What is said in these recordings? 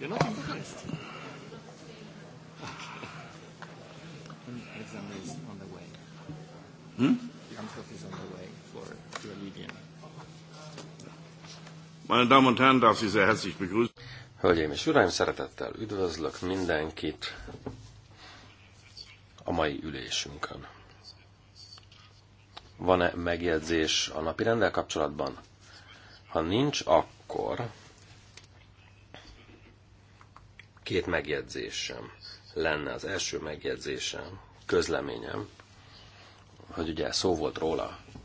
You're not in Bucharest. exam is on the way. Hmm? The answer is on the way for your Meine Damen und Herren, darf Sie sehr herzlich begrüßen. Hölgyeim és Uraim, szeretettel üdvözlök mindenkit a mai ülésünkön. Van-e megjegyzés a napi rendel kapcsolatban? Ha nincs, akkor Két megjegyzésem lenne. Az első megjegyzésem, közleményem, hogy ugye szó volt róla, hogy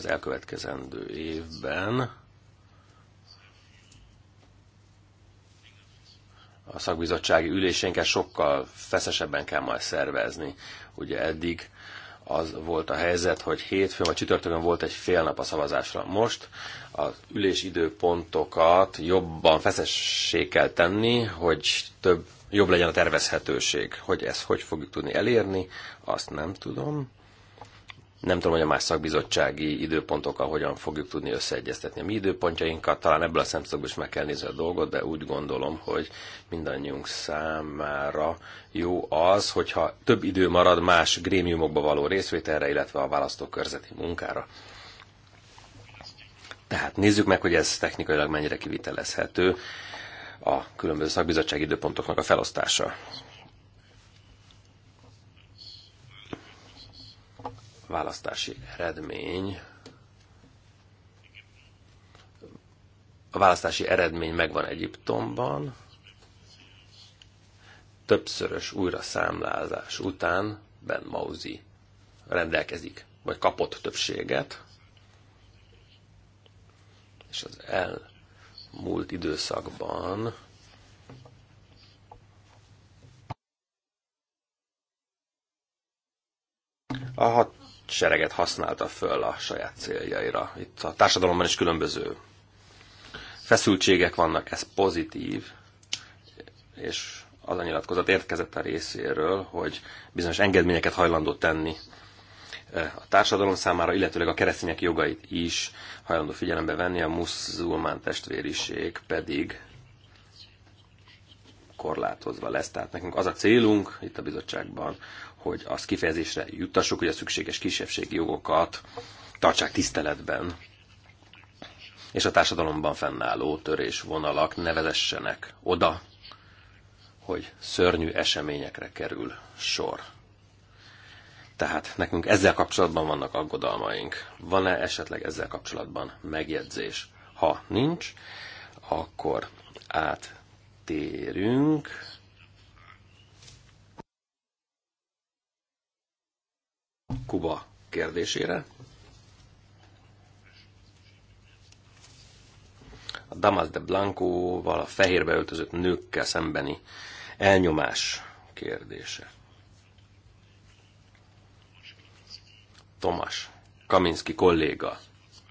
az elkövetkezendő évben a szakbizottsági üléseinket sokkal feszesebben kell majd szervezni. Ugye eddig az volt a helyzet, hogy hétfőn vagy csütörtökön volt egy fél nap a szavazásra. Most az ülésidőpontokat jobban feszessé kell tenni, hogy több, jobb legyen a tervezhetőség. Hogy ezt hogy fogjuk tudni elérni, azt nem tudom. Nem tudom, hogy a más szakbizottsági időpontokkal hogyan fogjuk tudni összeegyeztetni a mi időpontjainkat. Talán ebből a szemszögből is meg kell nézni a dolgot, de úgy gondolom, hogy mindannyiunk számára jó az, hogyha több idő marad más grémiumokba való részvételre, illetve a választókörzeti munkára. Tehát nézzük meg, hogy ez technikailag mennyire kivitelezhető a különböző szakbizottsági időpontoknak a felosztása. választási eredmény a választási eredmény megvan Egyiptomban, többszörös újra számlázás után Ben Mauzi rendelkezik, vagy kapott többséget, és az elmúlt időszakban a hat sereget használta föl a saját céljaira. Itt a társadalomban is különböző feszültségek vannak, ez pozitív, és az a nyilatkozat érkezett a részéről, hogy bizonyos engedményeket hajlandó tenni a társadalom számára, illetőleg a keresztények jogait is hajlandó figyelembe venni, a muszulmán testvériség pedig korlátozva lesz. Tehát nekünk az a célunk itt a bizottságban, hogy azt kifejezésre juttassuk, hogy a szükséges kisebbségi jogokat tartsák tiszteletben, és a társadalomban fennálló törésvonalak ne vezessenek oda, hogy szörnyű eseményekre kerül sor. Tehát nekünk ezzel kapcsolatban vannak aggodalmaink. Van-e esetleg ezzel kapcsolatban megjegyzés? Ha nincs, akkor áttérünk Kuba kérdésére. A Damas de Blanco-val a fehérbe öltözött nőkkel szembeni elnyomás kérdése. Tomas, Kaminski kolléga.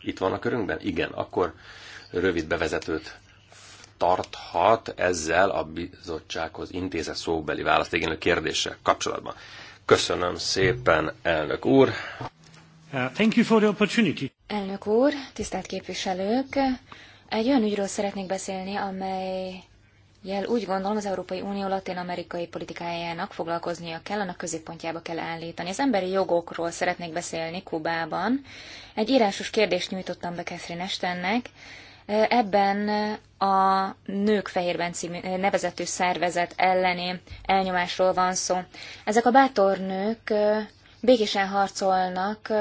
Itt van a körünkben? Igen, akkor rövid bevezetőt tarthat ezzel a bizottsághoz intézett szóbeli választ a kérdéssel kapcsolatban. Köszönöm szépen, elnök úr. Uh, thank you for the opportunity. Elnök úr, tisztelt képviselők! Egy olyan ügyről szeretnék beszélni, amely jel úgy gondolom az Európai Unió latin-amerikai politikájának foglalkoznia kell, annak középpontjába kell állítani. Az emberi jogokról szeretnék beszélni Kubában. Egy írásos kérdést nyújtottam be Catherine Estennek, Ebben a Nők Fehérben című nevezetű szervezet elleni elnyomásról van szó. Ezek a bátor nők békésen harcolnak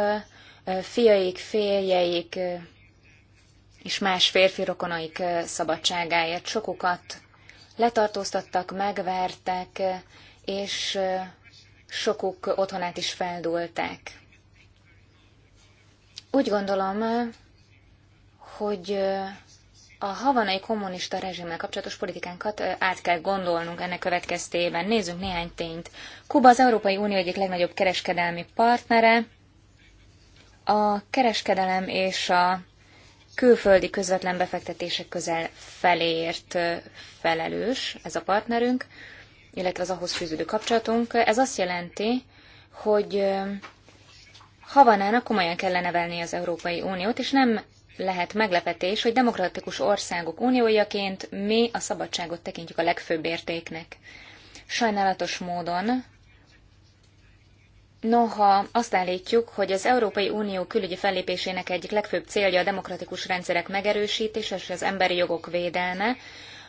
fiaik, férjeik és más férfi rokonaik szabadságáért. Sokukat letartóztattak, megvertek, és sokuk otthonát is feldúlták. Úgy gondolom, hogy a havanai kommunista rezsimmel kapcsolatos politikánkat át kell gondolnunk ennek következtében. Nézzünk néhány tényt. Kuba az Európai Unió egyik legnagyobb kereskedelmi partnere. A kereskedelem és a külföldi közvetlen befektetések közel feléért felelős ez a partnerünk, illetve az ahhoz fűződő kapcsolatunk. Ez azt jelenti, hogy Havanának komolyan kellene venni az Európai Uniót, és nem lehet meglepetés, hogy demokratikus országok uniójaként mi a szabadságot tekintjük a legfőbb értéknek. Sajnálatos módon, noha azt állítjuk, hogy az Európai Unió külügyi fellépésének egyik legfőbb célja a demokratikus rendszerek megerősítése és az emberi jogok védelme,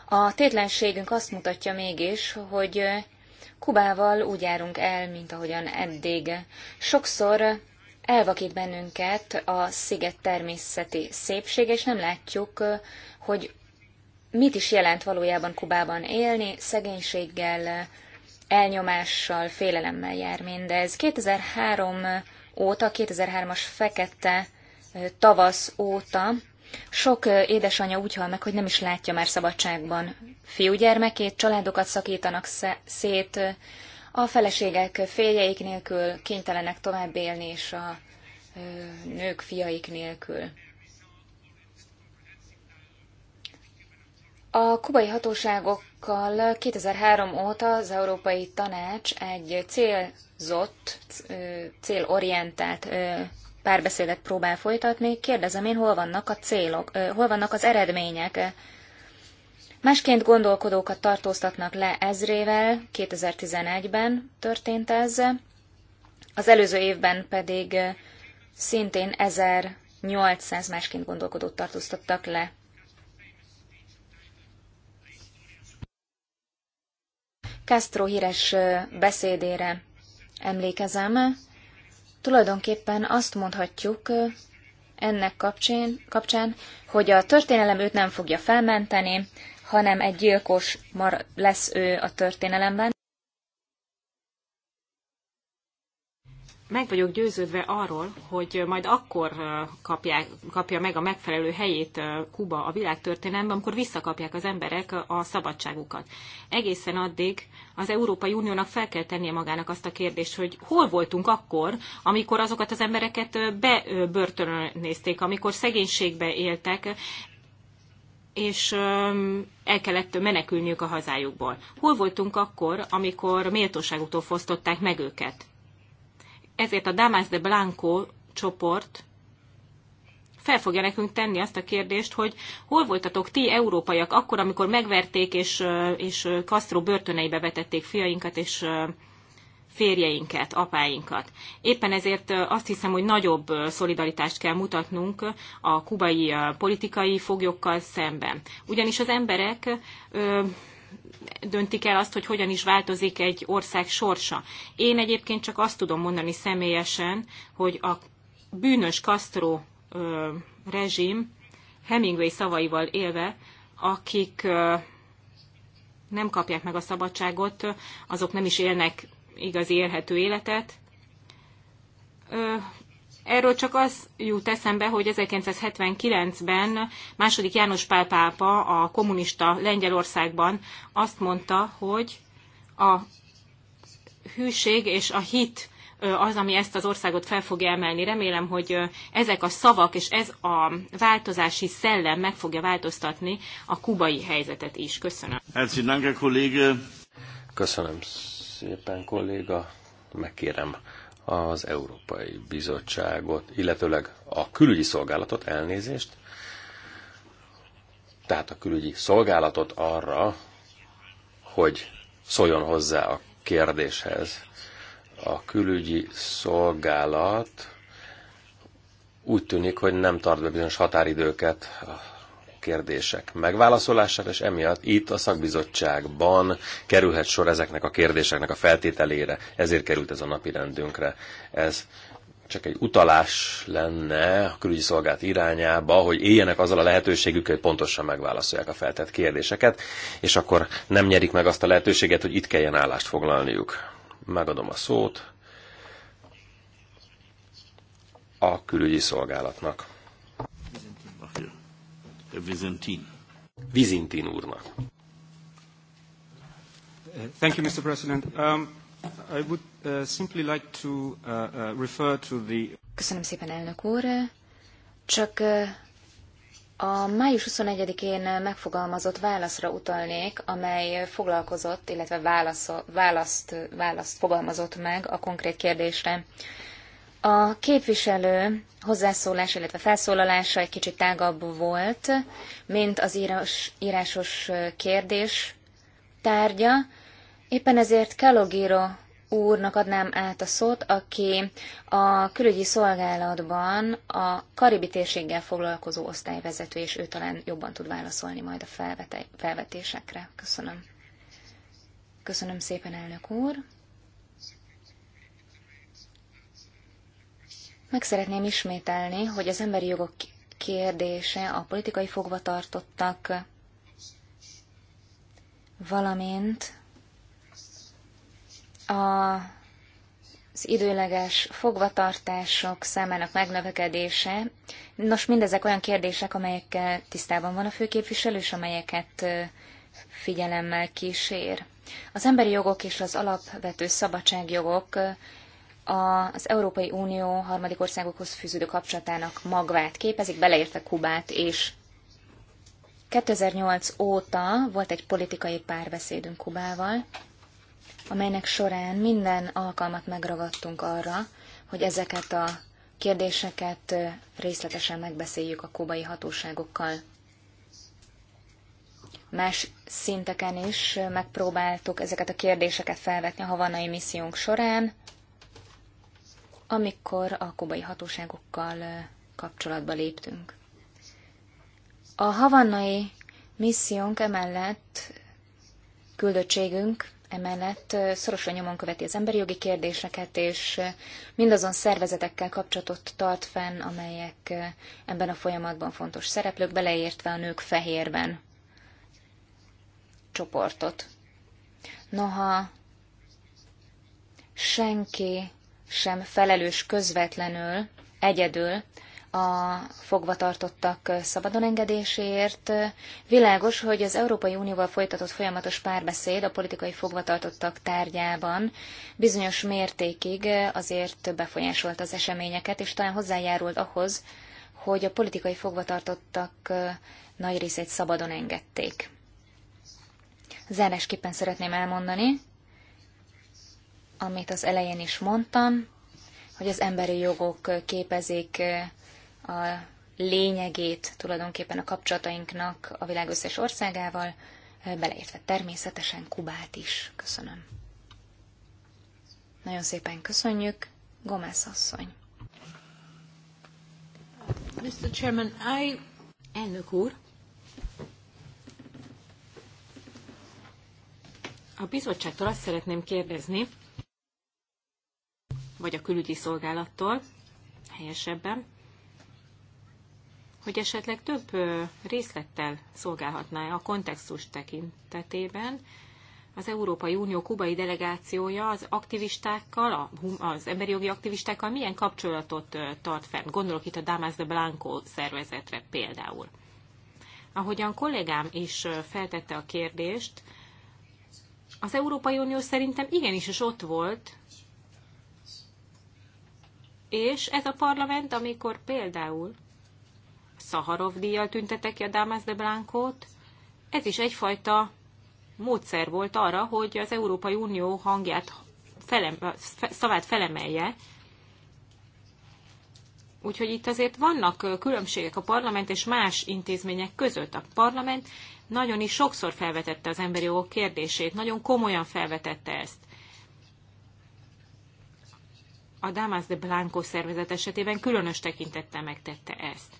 a tétlenségünk azt mutatja mégis, hogy Kubával úgy járunk el, mint ahogyan eddig. Sokszor elvakít bennünket a sziget természeti szépsége, és nem látjuk, hogy mit is jelent valójában Kubában élni, szegénységgel, elnyomással, félelemmel jár mindez. 2003 óta, 2003-as fekete tavasz óta sok édesanyja úgy hal meg, hogy nem is látja már szabadságban fiúgyermekét, családokat szakítanak szét, a feleségek férjeik nélkül kénytelenek tovább élni, és a nők fiaik nélkül. A kubai hatóságokkal 2003 óta az Európai Tanács egy célzott, célorientált párbeszédet próbál folytatni. Kérdezem én, hol vannak a célok, hol vannak az eredmények Másként gondolkodókat tartóztatnak le ezrével, 2011-ben történt ez, az előző évben pedig szintén 1800 másként gondolkodót tartóztattak le. Castro híres beszédére emlékezem. Tulajdonképpen azt mondhatjuk ennek kapcsán, kapcsán, hogy a történelem őt nem fogja felmenteni, hanem egy gyilkos mar- lesz ő a történelemben. Meg vagyok győződve arról, hogy majd akkor kapják, kapja meg a megfelelő helyét Kuba a világtörténelemben, amikor visszakapják az emberek a szabadságukat. Egészen addig az Európai Uniónak fel kell tennie magának azt a kérdést, hogy hol voltunk akkor, amikor azokat az embereket bebörtönözték, amikor szegénységbe éltek, és el kellett menekülniük a hazájukból. Hol voltunk akkor, amikor méltóságútól fosztották meg őket? Ezért a Damas de Blanco csoport fel fogja nekünk tenni azt a kérdést, hogy hol voltatok ti európaiak akkor, amikor megverték és, és Castro börtöneibe vetették fiainkat és férjeinket, apáinkat. Éppen ezért azt hiszem, hogy nagyobb szolidaritást kell mutatnunk a kubai politikai foglyokkal szemben. Ugyanis az emberek döntik el azt, hogy hogyan is változik egy ország sorsa. Én egyébként csak azt tudom mondani személyesen, hogy a bűnös Castro rezsim Hemingway szavaival élve, akik nem kapják meg a szabadságot, azok nem is élnek igazi élhető életet. Erről csak az jut eszembe, hogy 1979-ben második János Pál pápa a kommunista Lengyelországban azt mondta, hogy a hűség és a hit az, ami ezt az országot fel fogja emelni. Remélem, hogy ezek a szavak és ez a változási szellem meg fogja változtatni a kubai helyzetet is. Köszönöm. Köszönöm szépen, kolléga. Megkérem az Európai Bizottságot, illetőleg a külügyi szolgálatot, elnézést, tehát a külügyi szolgálatot arra, hogy szóljon hozzá a kérdéshez. A külügyi szolgálat úgy tűnik, hogy nem tart be bizonyos határidőket kérdések megválaszolására, és emiatt itt a szakbizottságban kerülhet sor ezeknek a kérdéseknek a feltételére. Ezért került ez a napi rendünkre. Ez csak egy utalás lenne a külügyi szolgált irányába, hogy éljenek azzal a lehetőségük, hogy pontosan megválaszolják a feltett kérdéseket, és akkor nem nyerik meg azt a lehetőséget, hogy itt kelljen állást foglalniuk. Megadom a szót a külügyi szolgálatnak. Vizintin. Vizintin úrnak. Thank you, Mr. President. Um, I would uh, simply like to uh, uh, refer to the... Köszönöm szépen, elnök úr. Csak uh, a május 21-én megfogalmazott válaszra utalnék, amely foglalkozott, illetve válasz, választ, választ fogalmazott meg a konkrét kérdésre. A képviselő hozzászólás, illetve felszólalása egy kicsit tágabb volt, mint az írás, írásos kérdés tárgya. Éppen ezért Kalogiro úrnak adnám át a szót, aki a külügyi szolgálatban a karibi térséggel foglalkozó osztályvezető, és ő talán jobban tud válaszolni majd a felvetésekre. Köszönöm. Köszönöm szépen, elnök úr. Meg szeretném ismételni, hogy az emberi jogok kérdése a politikai fogvatartottak, valamint a az időleges fogvatartások számának megnövekedése. Nos, mindezek olyan kérdések, amelyekkel tisztában van a főképviselő, és amelyeket figyelemmel kísér. Az emberi jogok és az alapvető szabadságjogok az Európai Unió harmadik országokhoz fűződő kapcsolatának magvát képezik, beleértve Kubát és 2008 óta volt egy politikai párbeszédünk Kubával, amelynek során minden alkalmat megragadtunk arra, hogy ezeket a kérdéseket részletesen megbeszéljük a kubai hatóságokkal. Más szinteken is megpróbáltuk ezeket a kérdéseket felvetni a havanai missziónk során, amikor a kubai hatóságokkal kapcsolatba léptünk. A havannai missziónk emellett, küldöttségünk emellett szorosan nyomon követi az emberi jogi kérdéseket, és mindazon szervezetekkel kapcsolatot tart fenn, amelyek ebben a folyamatban fontos szereplők, beleértve a nők fehérben csoportot. Noha senki sem felelős közvetlenül, egyedül a fogvatartottak szabadon engedéséért. Világos, hogy az Európai Unióval folytatott folyamatos párbeszéd a politikai fogvatartottak tárgyában bizonyos mértékig azért befolyásolt az eseményeket, és talán hozzájárult ahhoz, hogy a politikai fogvatartottak nagy részét szabadon engedték. Zárásképpen szeretném elmondani, amit az elején is mondtam, hogy az emberi jogok képezik eh, a lényegét tulajdonképpen a kapcsolatainknak a világ összes országával, eh, beleértve természetesen Kubát is. Köszönöm. Nagyon szépen köszönjük, Gomász asszony. Mr. Chairman, I... Elnök úr, a bizottságtól azt szeretném kérdezni, vagy a külügyi szolgálattól helyesebben, hogy esetleg több részlettel szolgálhatná a kontextus tekintetében. Az Európai Unió kubai delegációja az aktivistákkal, az emberi jogi aktivistákkal milyen kapcsolatot tart fenn? Gondolok itt a Damas de Blanco szervezetre például. Ahogyan kollégám is feltette a kérdést, az Európai Unió szerintem igenis is ott volt és ez a parlament, amikor például Szaharov díjjal tüntetek ki a Damas de Blancot, ez is egyfajta módszer volt arra, hogy az Európai Unió hangját, felem, szavát felemelje, Úgyhogy itt azért vannak különbségek a parlament és más intézmények között. A parlament nagyon is sokszor felvetette az emberi jogok kérdését, nagyon komolyan felvetette ezt a Damas de Blanco szervezet esetében különös tekintettel megtette ezt.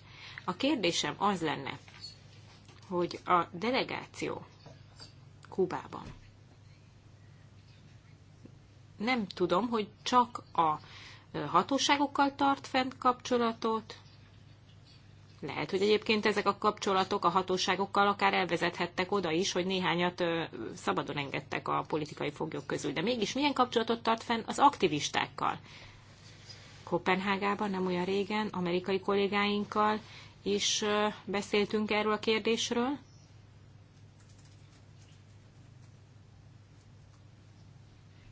A kérdésem az lenne, hogy a delegáció Kubában nem tudom, hogy csak a hatóságokkal tart fent kapcsolatot, lehet, hogy egyébként ezek a kapcsolatok a hatóságokkal akár elvezethettek oda is, hogy néhányat szabadon engedtek a politikai foglyok közül. De mégis milyen kapcsolatot tart fenn az aktivistákkal? Kopenhágában nem olyan régen amerikai kollégáinkkal is beszéltünk erről a kérdésről.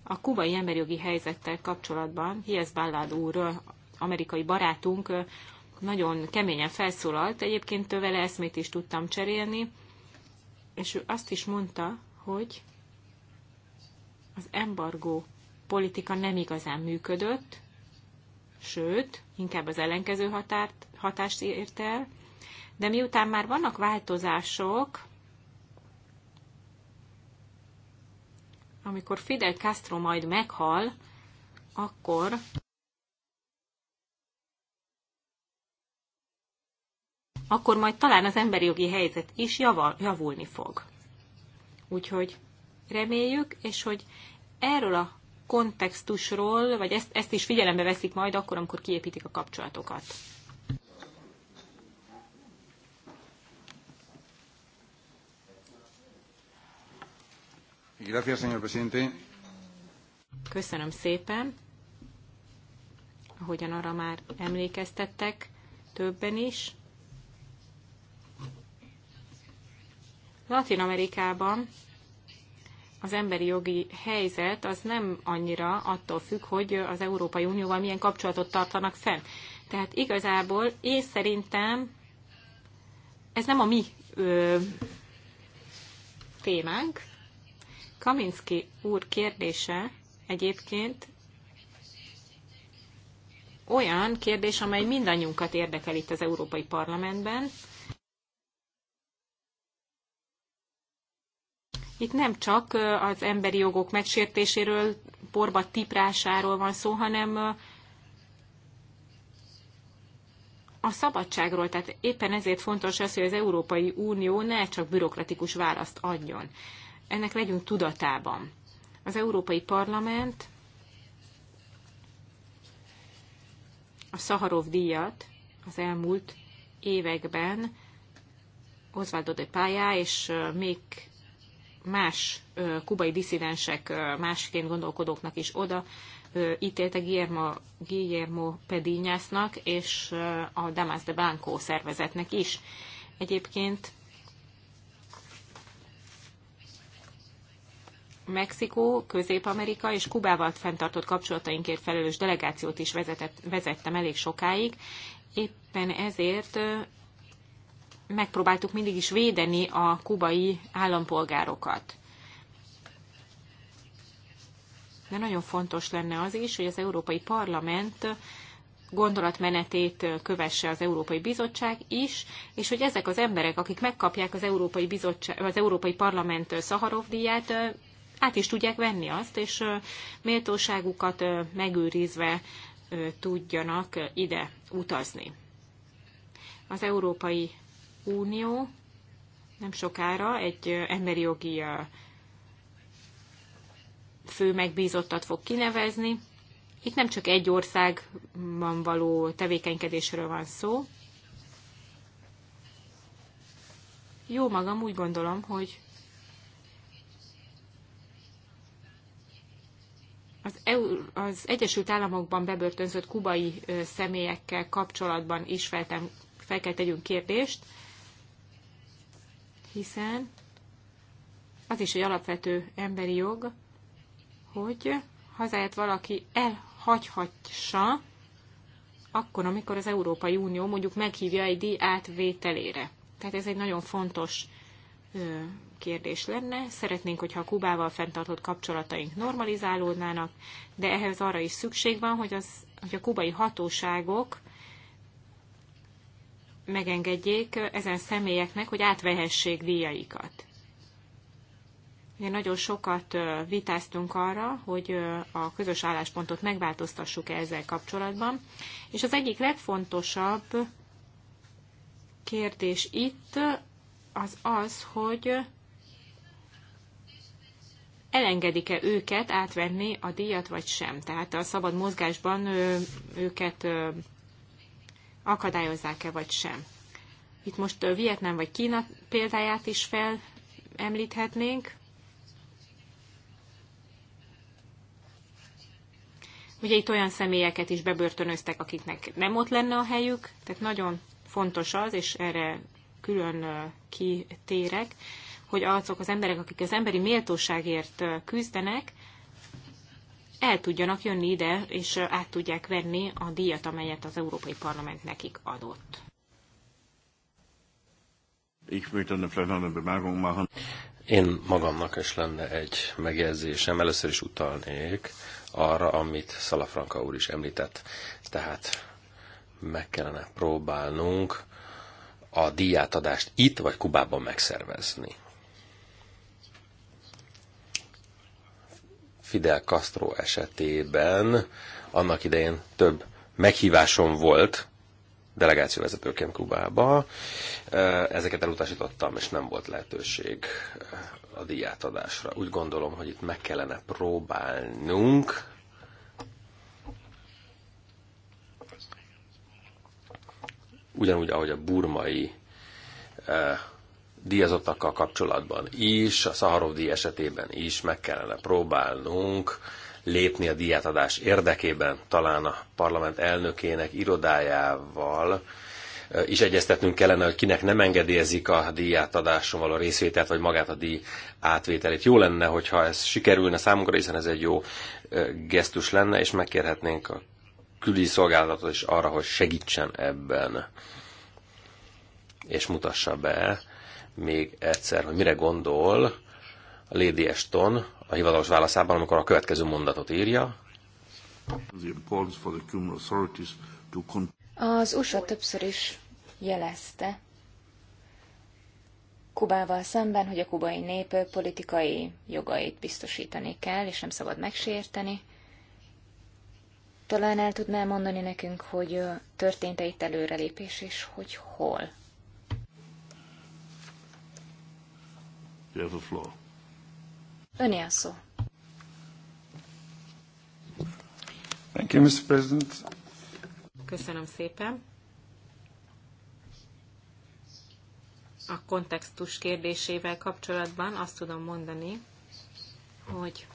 A kubai emberjogi helyzettel kapcsolatban Hies Ballad úr, amerikai barátunk, nagyon keményen felszólalt, egyébként vele eszmét is tudtam cserélni, és ő azt is mondta, hogy az embargó politika nem igazán működött, sőt, inkább az ellenkező határt, hatást ért el, de miután már vannak változások, amikor Fidel Castro majd meghal, akkor akkor majd talán az emberi jogi helyzet is javal, javulni fog. Úgyhogy reméljük, és hogy erről a kontextusról, vagy ezt, ezt is figyelembe veszik majd akkor, amikor kiépítik a kapcsolatokat. Gracias, señor presidente. Köszönöm szépen. Ahogyan arra már emlékeztettek többen is. Latin Amerikában az emberi jogi helyzet az nem annyira attól függ, hogy az Európai Unióval milyen kapcsolatot tartanak fenn. Tehát igazából én szerintem ez nem a mi ö, témánk. Kaminski úr kérdése egyébként olyan kérdés, amely mindannyiunkat érdekel itt az Európai Parlamentben, Itt nem csak az emberi jogok megsértéséről, porba tiprásáról van szó, hanem a szabadságról, tehát éppen ezért fontos az, hogy az Európai Unió ne csak bürokratikus választ adjon. Ennek legyünk tudatában. Az Európai Parlament a Szaharov díjat az elmúlt években Oswaldo de Pályá és még más kubai diszidensek, másként gondolkodóknak is oda ítélte Guillermo, Guillermo Pedinyásznak és a Damas de Blanco szervezetnek is. Egyébként Mexikó, Közép-Amerika és Kubával fenntartott kapcsolatainkért felelős delegációt is vezetett, vezettem elég sokáig. Éppen ezért megpróbáltuk mindig is védeni a kubai állampolgárokat. De nagyon fontos lenne az is, hogy az Európai Parlament gondolatmenetét kövesse az Európai Bizottság is, és hogy ezek az emberek, akik megkapják az Európai, Bizottság, az Európai Parlament Szaharov díját, át is tudják venni azt, és méltóságukat megőrizve tudjanak ide utazni. Az Európai Unió nem sokára egy emberi jogi fő megbízottat fog kinevezni. Itt nem csak egy országban való tevékenykedésről van szó. Jó magam, úgy gondolom, hogy Az, EU, az Egyesült Államokban bebörtönzött kubai személyekkel kapcsolatban is feltem, fel kell tegyünk kérdést hiszen az is egy alapvető emberi jog, hogy hazáját valaki elhagyhatsa, akkor, amikor az Európai Unió mondjuk meghívja egy díj átvételére. Tehát ez egy nagyon fontos ö, kérdés lenne. Szeretnénk, hogyha a Kubával fenntartott kapcsolataink normalizálódnának, de ehhez arra is szükség van, hogy, az, hogy a kubai hatóságok megengedjék ezen személyeknek, hogy átvehessék díjaikat. Ugye nagyon sokat vitáztunk arra, hogy a közös álláspontot megváltoztassuk -e ezzel kapcsolatban, és az egyik legfontosabb kérdés itt az az, hogy elengedik-e őket átvenni a díjat, vagy sem. Tehát a szabad mozgásban őket akadályozzák-e vagy sem. Itt most Vietnám vagy Kína példáját is felemlíthetnénk. Ugye itt olyan személyeket is bebörtönöztek, akiknek nem ott lenne a helyük, tehát nagyon fontos az, és erre külön kitérek, hogy azok az emberek, akik az emberi méltóságért küzdenek, el tudjanak jönni ide, és át tudják venni a díjat, amelyet az Európai Parlament nekik adott. Én magamnak is lenne egy megjegyzésem. Először is utalnék arra, amit Szalafranka úr is említett. Tehát meg kellene próbálnunk a díjátadást itt vagy Kubában megszervezni. Fidel Castro esetében annak idején több meghívásom volt delegációvezetőként Kubába. Ezeket elutasítottam, és nem volt lehetőség a díjátadásra. Úgy gondolom, hogy itt meg kellene próbálnunk ugyanúgy, ahogy a burmai díjazottakkal kapcsolatban is, a Szaharov díj esetében is meg kellene próbálnunk lépni a díjátadás érdekében, talán a parlament elnökének irodájával, is egyeztetnünk kellene, hogy kinek nem engedélyezik a díjátadáson való részvételt, vagy magát a díj átvételét. Jó lenne, hogyha ez sikerülne számunkra, hiszen ez egy jó gesztus lenne, és megkérhetnénk a külügyi szolgálatot is arra, hogy segítsen ebben, és mutassa be, még egyszer, hogy mire gondol a Lady Ashton a hivatalos válaszában, amikor a következő mondatot írja. Az USA többször is jelezte Kubával szemben, hogy a kubai nép politikai jogait biztosítani kell, és nem szabad megsérteni. Talán el tudná mondani nekünk, hogy történt-e itt előrelépés, és hogy hol? You have the floor. Öné a szó. Thank you, Mr. President. Köszönöm szépen. A kontextus kérdésével kapcsolatban azt tudom mondani, hogy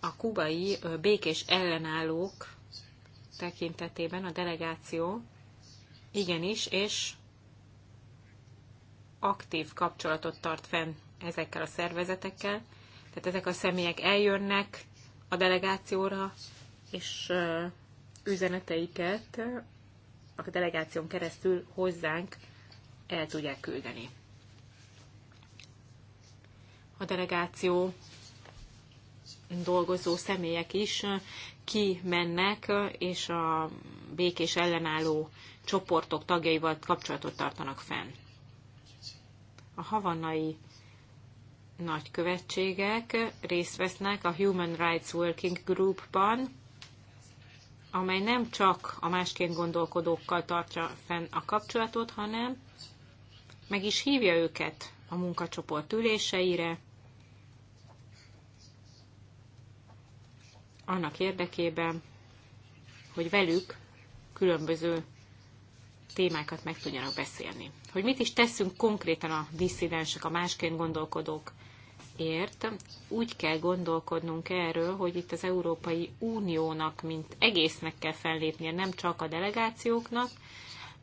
a kubai békés ellenállók tekintetében a delegáció igenis, és aktív kapcsolatot tart fenn ezekkel a szervezetekkel. Tehát ezek a személyek eljönnek a delegációra, és üzeneteiket a delegáción keresztül hozzánk el tudják küldeni. A delegáció dolgozó személyek is kimennek, és a békés ellenálló csoportok tagjaival kapcsolatot tartanak fenn a havanai nagykövetségek részt vesznek a Human Rights Working Groupban, amely nem csak a másként gondolkodókkal tartja fenn a kapcsolatot, hanem meg is hívja őket a munkacsoport üléseire, annak érdekében, hogy velük különböző témákat meg tudjanak beszélni. Hogy mit is teszünk konkrétan a disszidensek, a másként gondolkodók ért, úgy kell gondolkodnunk erről, hogy itt az Európai Uniónak, mint egésznek kell fellépnie, nem csak a delegációknak,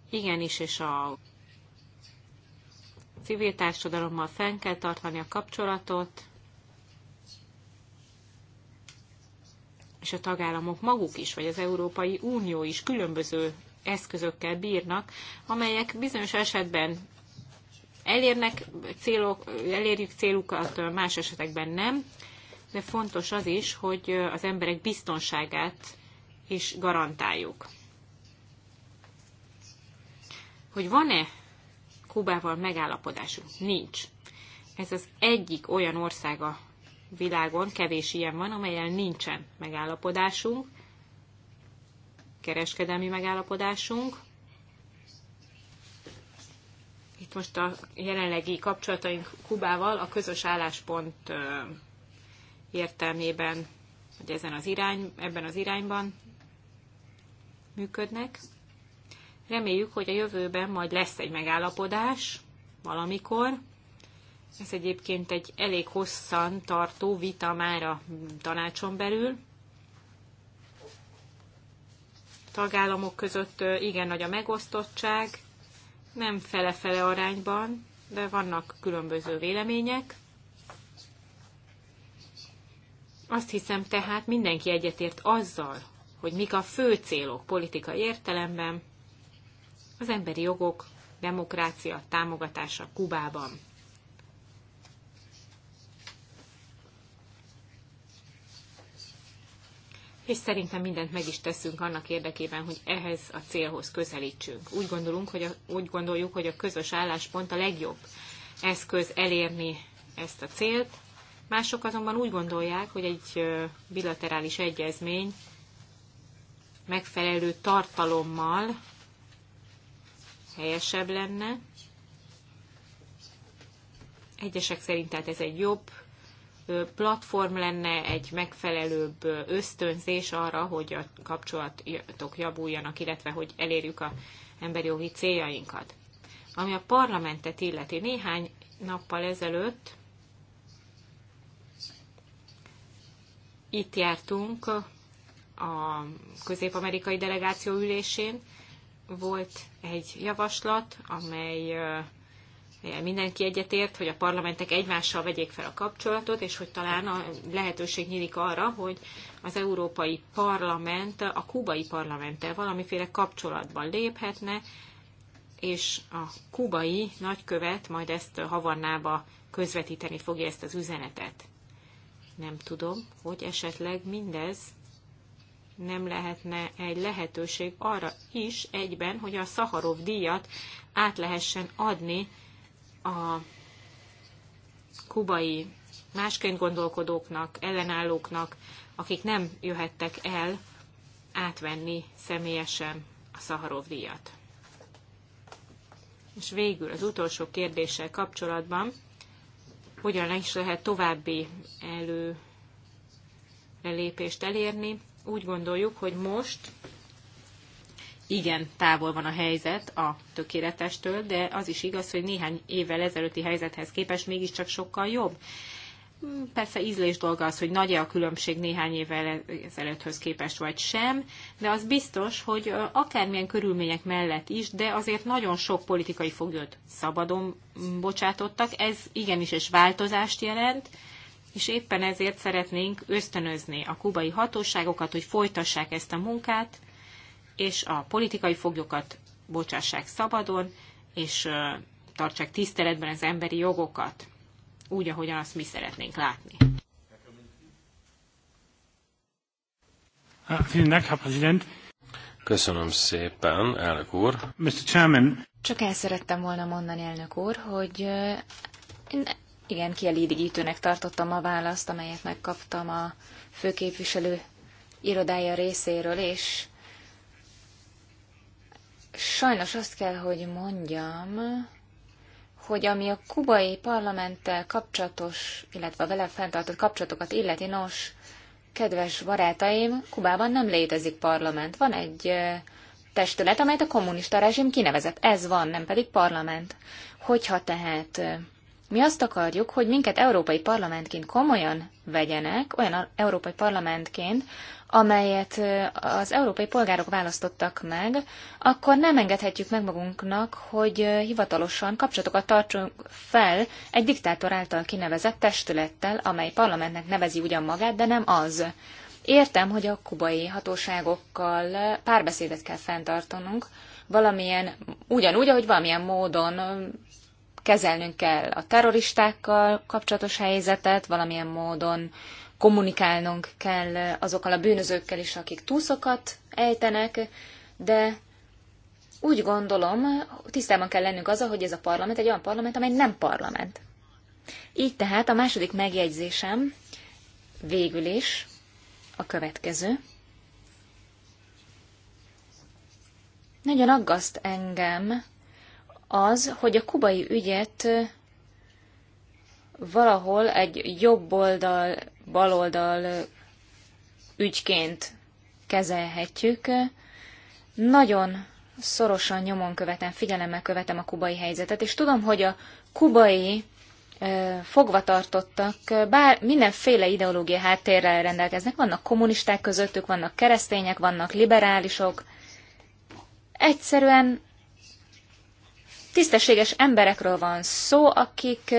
igenis, és a civil társadalommal fenn kell tartani a kapcsolatot, és a tagállamok maguk is, vagy az Európai Unió is különböző eszközökkel bírnak, amelyek bizonyos esetben elérnek célok, elérjük célukat, más esetekben nem, de fontos az is, hogy az emberek biztonságát is garantáljuk. Hogy van-e Kubával megállapodásunk? Nincs. Ez az egyik olyan ország a világon, kevés ilyen van, amelyel nincsen megállapodásunk, kereskedelmi megállapodásunk. Itt most a jelenlegi kapcsolataink Kubával a közös álláspont értelmében, hogy ezen az irány, ebben az irányban működnek. Reméljük, hogy a jövőben majd lesz egy megállapodás valamikor. Ez egyébként egy elég hosszan tartó vita már a tanácson belül tagállamok között igen nagy a megosztottság, nem fele-fele arányban, de vannak különböző vélemények. Azt hiszem tehát mindenki egyetért azzal, hogy mik a fő célok politikai értelemben, az emberi jogok, demokrácia támogatása Kubában. és szerintem mindent meg is teszünk annak érdekében, hogy ehhez a célhoz közelítsünk. Úgy, gondolunk, hogy a, úgy gondoljuk, hogy a közös álláspont a legjobb eszköz elérni ezt a célt. Mások azonban úgy gondolják, hogy egy bilaterális egyezmény megfelelő tartalommal helyesebb lenne. Egyesek szerint tehát ez egy jobb platform lenne, egy megfelelőbb ösztönzés arra, hogy a kapcsolatok javuljanak, illetve hogy elérjük a emberi jogi céljainkat. Ami a parlamentet illeti, néhány nappal ezelőtt itt jártunk a közép-amerikai delegáció ülésén, volt egy javaslat, amely mindenki egyetért, hogy a parlamentek egymással vegyék fel a kapcsolatot, és hogy talán a lehetőség nyílik arra, hogy az Európai Parlament a kubai parlamenttel valamiféle kapcsolatban léphetne, és a kubai nagykövet majd ezt Havannába közvetíteni fogja ezt az üzenetet. Nem tudom, hogy esetleg mindez nem lehetne egy lehetőség arra is egyben, hogy a Szaharov díjat át lehessen adni a kubai másként gondolkodóknak, ellenállóknak, akik nem jöhettek el átvenni személyesen a Szaharov díjat. És végül az utolsó kérdéssel kapcsolatban, hogyan is lehet további előrelépést elérni, úgy gondoljuk, hogy most igen távol van a helyzet a tökéletestől, de az is igaz, hogy néhány évvel ezelőtti helyzethez képest mégiscsak sokkal jobb. Hmm, persze ízlés dolga az, hogy nagy-e a különbség néhány évvel ezelőtthöz képest vagy sem, de az biztos, hogy akármilyen körülmények mellett is, de azért nagyon sok politikai foglyot szabadon bocsátottak, ez igenis és változást jelent, és éppen ezért szeretnénk ösztönözni a kubai hatóságokat, hogy folytassák ezt a munkát, és a politikai foglyokat bocsássák szabadon, és tartsák tiszteletben az emberi jogokat, úgy, ahogyan azt mi szeretnénk látni. Ah, Köszönöm szépen, elnök úr. Mr. Chairman. Csak el szerettem volna mondani, elnök úr, hogy én igen, kielégítőnek tartottam a választ, amelyet megkaptam a főképviselő irodája részéről, és Sajnos azt kell, hogy mondjam, hogy ami a kubai parlamenttel kapcsolatos, illetve a vele fenntartott kapcsolatokat illeti, nos, kedves barátaim, Kubában nem létezik parlament. Van egy testület, amelyet a kommunista rezsim kinevezett. Ez van, nem pedig parlament. Hogyha tehát mi azt akarjuk, hogy minket európai parlamentként komolyan vegyenek, olyan európai parlamentként, amelyet az európai polgárok választottak meg, akkor nem engedhetjük meg magunknak, hogy hivatalosan kapcsolatokat tartsunk fel egy diktátor által kinevezett testülettel, amely parlamentnek nevezi ugyan magát, de nem az. Értem, hogy a kubai hatóságokkal párbeszédet kell fenntartanunk, valamilyen, ugyanúgy, ahogy valamilyen módon kezelnünk kell a terroristákkal kapcsolatos helyzetet, valamilyen módon kommunikálnunk kell azokkal a bűnözőkkel is, akik túszokat ejtenek, de úgy gondolom, tisztában kell lennünk azzal, hogy ez a parlament egy olyan parlament, amely nem parlament. Így tehát a második megjegyzésem végül is a következő. Nagyon aggaszt engem az, hogy a kubai ügyet valahol egy jobboldal baloldal ügyként kezelhetjük. Nagyon szorosan nyomon követem, figyelemmel követem a kubai helyzetet, és tudom, hogy a kubai fogvatartottak, bár mindenféle ideológia háttérrel rendelkeznek, vannak kommunisták közöttük, vannak keresztények, vannak liberálisok. Egyszerűen tisztességes emberekről van szó, akik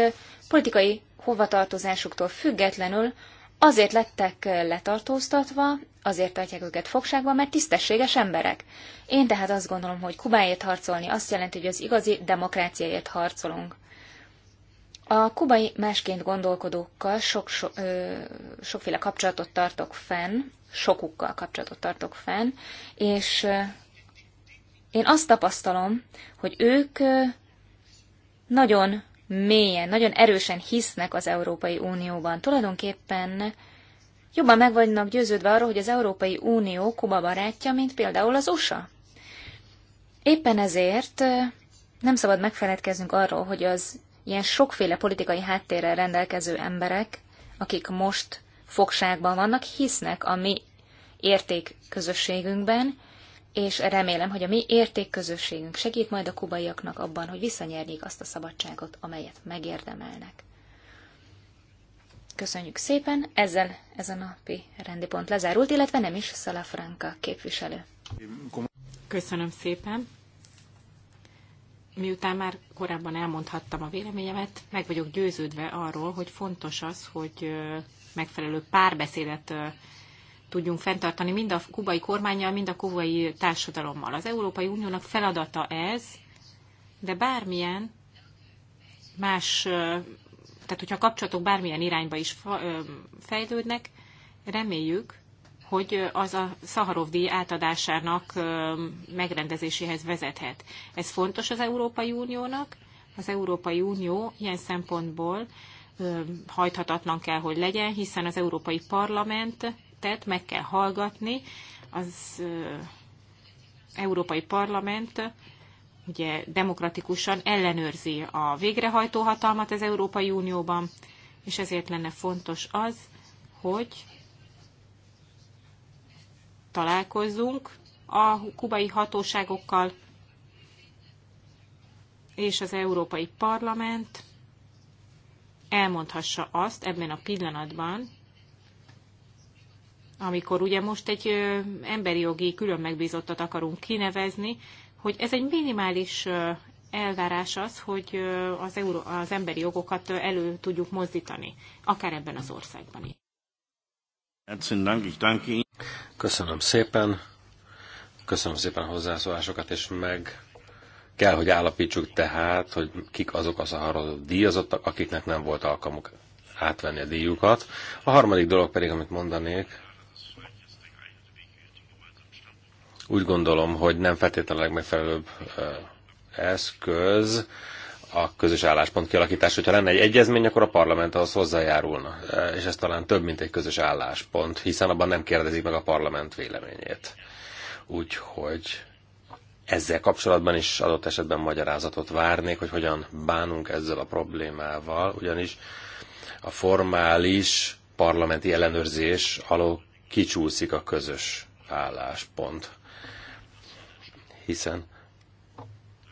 politikai hovatartozásuktól függetlenül Azért lettek letartóztatva, azért tartják őket fogságban, mert tisztességes emberek. Én tehát azt gondolom, hogy Kubáért harcolni azt jelenti, hogy az igazi demokráciáért harcolunk. A kubai másként gondolkodókkal sok, so, ö, sokféle kapcsolatot tartok fenn, sokukkal kapcsolatot tartok fenn, és ö, én azt tapasztalom, hogy ők ö, nagyon mélyen, nagyon erősen hisznek az Európai Unióban. Tulajdonképpen jobban meg vannak győződve arról, hogy az Európai Unió Kuba barátja, mint például az USA. Éppen ezért nem szabad megfeledkeznünk arról, hogy az ilyen sokféle politikai háttérrel rendelkező emberek, akik most fogságban vannak, hisznek a mi értékközösségünkben, és remélem, hogy a mi értékközösségünk segít majd a kubaiaknak abban, hogy visszanyerjék azt a szabadságot, amelyet megérdemelnek. Köszönjük szépen, ezzel ez a napi rendi pont lezárult, illetve nem is Szalafranka képviselő. Köszönöm szépen. Miután már korábban elmondhattam a véleményemet, meg vagyok győződve arról, hogy fontos az, hogy megfelelő párbeszédet tudjunk fenntartani mind a kubai kormányjal, mind a kubai társadalommal. Az Európai Uniónak feladata ez, de bármilyen más, tehát hogyha a kapcsolatok bármilyen irányba is fejlődnek, reméljük, hogy az a Szaharov díj átadásának megrendezéséhez vezethet. Ez fontos az Európai Uniónak. Az Európai Unió ilyen szempontból hajthatatlan kell, hogy legyen, hiszen az Európai Parlament tett, meg kell hallgatni. Az Európai Parlament ugye demokratikusan ellenőrzi a végrehajtó hatalmat az Európai Unióban, és ezért lenne fontos az, hogy találkozzunk a kubai hatóságokkal, és az Európai Parlament elmondhassa azt ebben a pillanatban, amikor ugye most egy emberi jogi külön megbízottat akarunk kinevezni, hogy ez egy minimális elvárás az, hogy az, euró, az emberi jogokat elő tudjuk mozdítani, akár ebben az országban is. Köszönöm szépen. Köszönöm szépen a hozzászólásokat, és meg kell, hogy állapítsuk tehát, hogy kik azok az a díjazottak, akiknek nem volt alkalmuk átvenni a díjukat. A harmadik dolog pedig, amit mondanék, Úgy gondolom, hogy nem feltétlenül a legmegfelelőbb eszköz a közös álláspont kialakítás. Hogyha lenne egy egyezmény, akkor a parlament ahhoz hozzájárulna, és ez talán több, mint egy közös álláspont, hiszen abban nem kérdezik meg a parlament véleményét. Úgyhogy ezzel kapcsolatban is adott esetben magyarázatot várnék, hogy hogyan bánunk ezzel a problémával, ugyanis a formális parlamenti ellenőrzés alól kicsúszik a közös álláspont hiszen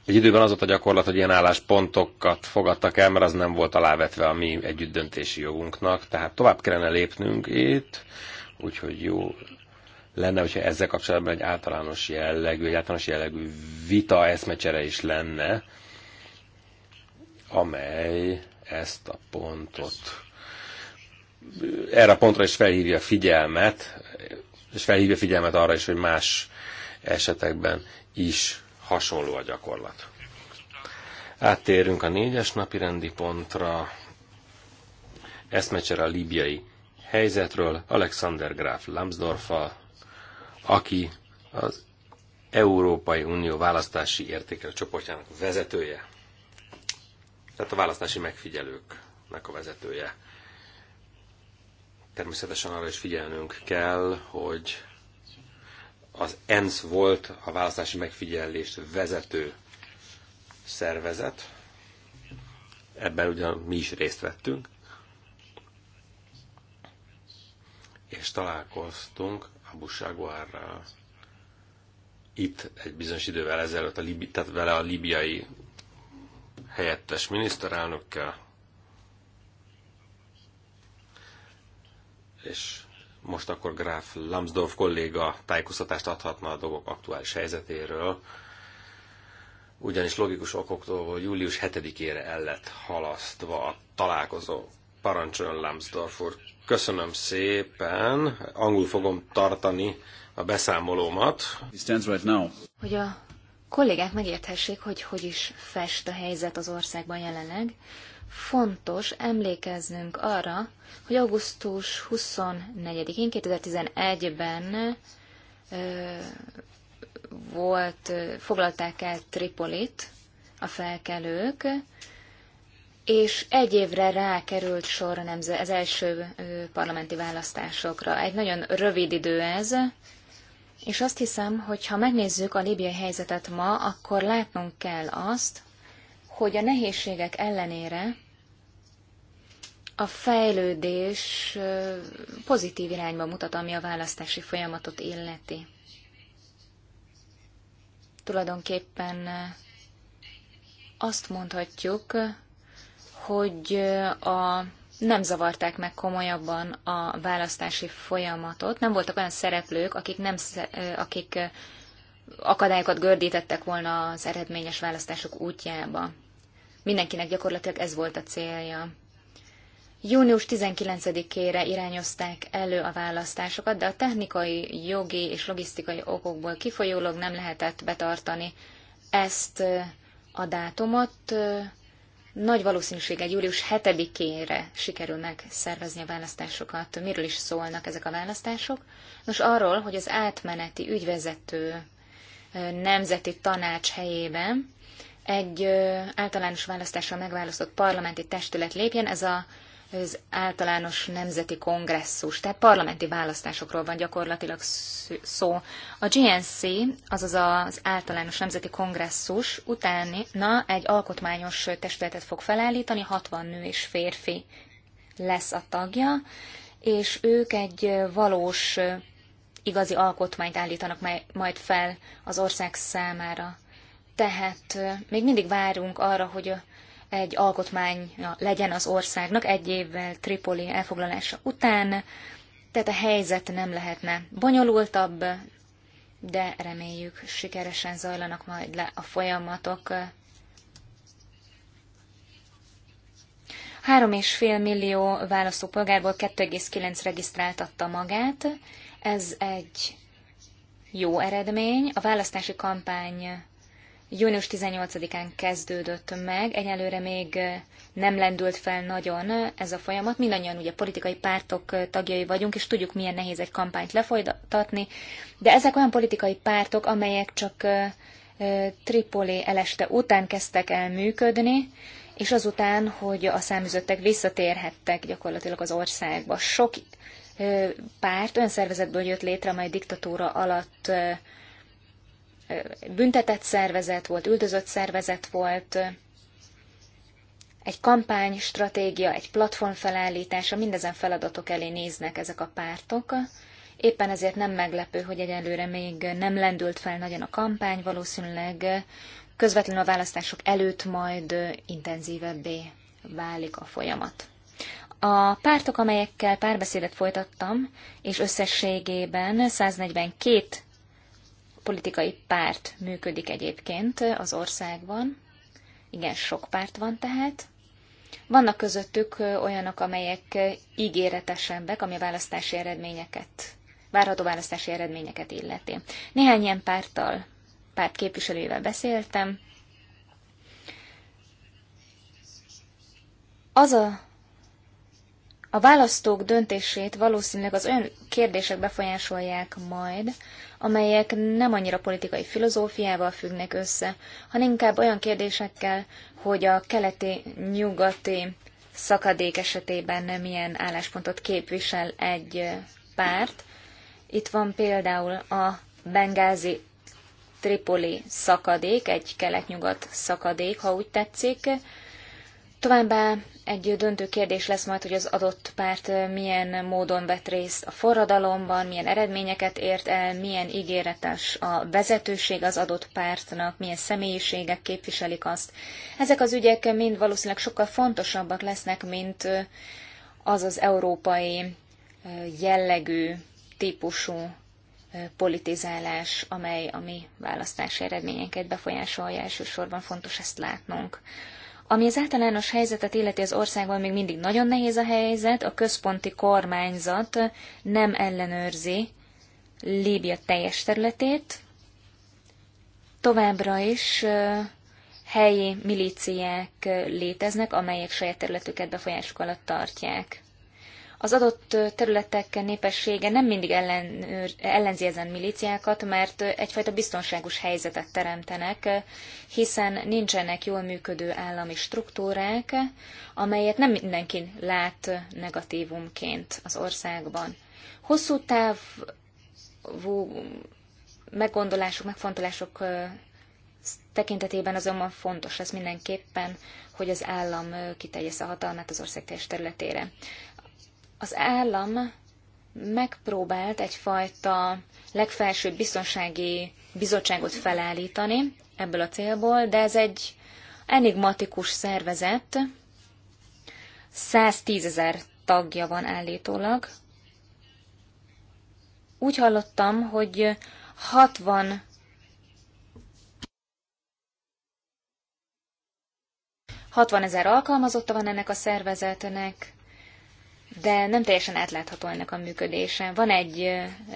egy időben az volt a gyakorlat, hogy ilyen álláspontokat fogadtak el, mert az nem volt alávetve a mi együttdöntési jogunknak, tehát tovább kellene lépnünk itt, úgyhogy jó lenne, hogyha ezzel kapcsolatban egy általános jellegű, egy általános jellegű vita eszmecsere is lenne, amely ezt a pontot erre a pontra is felhívja figyelmet, és felhívja figyelmet arra is, hogy más esetekben is hasonló a gyakorlat. Áttérünk a négyes napi rendi pontra. Eszmecsere a líbiai helyzetről Alexander Graf lambsdorff aki az Európai Unió választási értékelő csoportjának vezetője. Tehát a választási megfigyelőknek a vezetője. Természetesen arra is figyelnünk kell, hogy az ENSZ volt a választási megfigyelést vezető szervezet. Ebben ugyan mi is részt vettünk. És találkoztunk Abu Shaguarral. Itt egy bizonyos idővel ezelőtt, a Libi, tehát vele a libiai helyettes miniszterelnökkel, és most akkor Graf Lambsdorff kolléga tájékoztatást adhatna a dolgok aktuális helyzetéről, ugyanis logikus okoktól július 7-ére el lett halasztva a találkozó. Parancsoljon Lambsdorff úr. Köszönöm szépen, angol fogom tartani a beszámolómat. Hogy a kollégák megérthessék, hogy hogy is fest a helyzet az országban jelenleg fontos emlékeznünk arra, hogy augusztus 24-én 2011-ben volt, foglalták el Tripolit a felkelők, és egy évre rá került sor az első parlamenti választásokra. Egy nagyon rövid idő ez, és azt hiszem, hogy ha megnézzük a libiai helyzetet ma, akkor látnunk kell azt, hogy a nehézségek ellenére a fejlődés pozitív irányba mutat, ami a választási folyamatot illeti. Tulajdonképpen azt mondhatjuk, hogy a, nem zavarták meg komolyabban a választási folyamatot, nem voltak olyan szereplők, akik, nem, akik akadályokat gördítettek volna az eredményes választások útjába. Mindenkinek gyakorlatilag ez volt a célja. Június 19-ére irányozták elő a választásokat, de a technikai, jogi és logisztikai okokból kifolyólag nem lehetett betartani ezt a dátumot. Nagy valószínűséggel július 7-ére sikerül megszervezni a választásokat. Miről is szólnak ezek a választások? Nos, arról, hogy az átmeneti ügyvezető nemzeti tanács helyében egy általános választással megválasztott parlamenti testület lépjen, ez a, az általános nemzeti kongresszus, tehát parlamenti választásokról van gyakorlatilag szó. A GNC, azaz az általános nemzeti kongresszus utáni na egy alkotmányos testületet fog felállítani, 60 nő és férfi lesz a tagja, és ők egy valós igazi alkotmányt állítanak majd fel az ország számára. Tehát még mindig várunk arra, hogy egy alkotmány legyen az országnak egy évvel Tripoli elfoglalása után, tehát a helyzet nem lehetne bonyolultabb, de reméljük sikeresen zajlanak majd le a folyamatok. Három és fél millió választópolgárból 2,9 regisztráltatta magát. Ez egy jó eredmény. A választási kampány június 18-án kezdődött meg, egyelőre még nem lendült fel nagyon ez a folyamat. Mindannyian ugye politikai pártok tagjai vagyunk, és tudjuk, milyen nehéz egy kampányt lefolytatni, de ezek olyan politikai pártok, amelyek csak Tripoli eleste után kezdtek el működni, és azután, hogy a száműzöttek visszatérhettek gyakorlatilag az országba. Sok párt önszervezetből jött létre, amely diktatúra alatt büntetett szervezet volt, üldözött szervezet volt, egy kampány, stratégia, egy platform felállítása, mindezen feladatok elé néznek ezek a pártok. Éppen ezért nem meglepő, hogy egyelőre még nem lendült fel nagyon a kampány, valószínűleg közvetlenül a választások előtt majd intenzívebbé válik a folyamat. A pártok, amelyekkel párbeszédet folytattam, és összességében 142 politikai párt működik egyébként az országban. Igen, sok párt van tehát. Vannak közöttük olyanok, amelyek ígéretesebbek, ami a választási eredményeket, várható választási eredményeket illeti. Néhány ilyen párttal, párt képviselőjével beszéltem. Az a a választók döntését valószínűleg az olyan kérdések befolyásolják majd, amelyek nem annyira politikai filozófiával függnek össze, hanem inkább olyan kérdésekkel, hogy a keleti-nyugati szakadék esetében milyen álláspontot képvisel egy párt. Itt van például a Bengázi Tripoli szakadék, egy kelet-nyugat szakadék, ha úgy tetszik, Továbbá egy döntő kérdés lesz majd, hogy az adott párt milyen módon vett részt a forradalomban, milyen eredményeket ért el, milyen ígéretes a vezetőség az adott pártnak, milyen személyiségek képviselik azt. Ezek az ügyek mind valószínűleg sokkal fontosabbak lesznek, mint az az európai jellegű, típusú politizálás, amely a mi választási eredményeket befolyásolja, elsősorban fontos ezt látnunk. Ami az általános helyzetet illeti az országban még mindig nagyon nehéz a helyzet, a központi kormányzat nem ellenőrzi Líbia teljes területét, továbbra is helyi milíciák léteznek, amelyek saját területüket befolyásuk alatt tartják. Az adott területek népessége nem mindig ellen, ellenzi ezen milíciákat, mert egyfajta biztonságos helyzetet teremtenek, hiszen nincsenek jól működő állami struktúrák, amelyet nem mindenki lát negatívumként az országban. Hosszú távú meggondolások, megfontolások tekintetében azonban fontos ez mindenképpen, hogy az állam kiterjessze a hatalmát az ország teljes területére az állam megpróbált egyfajta legfelsőbb biztonsági bizottságot felállítani ebből a célból, de ez egy enigmatikus szervezet, 110 ezer tagja van állítólag. Úgy hallottam, hogy 60 60 ezer alkalmazotta van ennek a szervezetnek, de nem teljesen átlátható ennek a működése. Van egy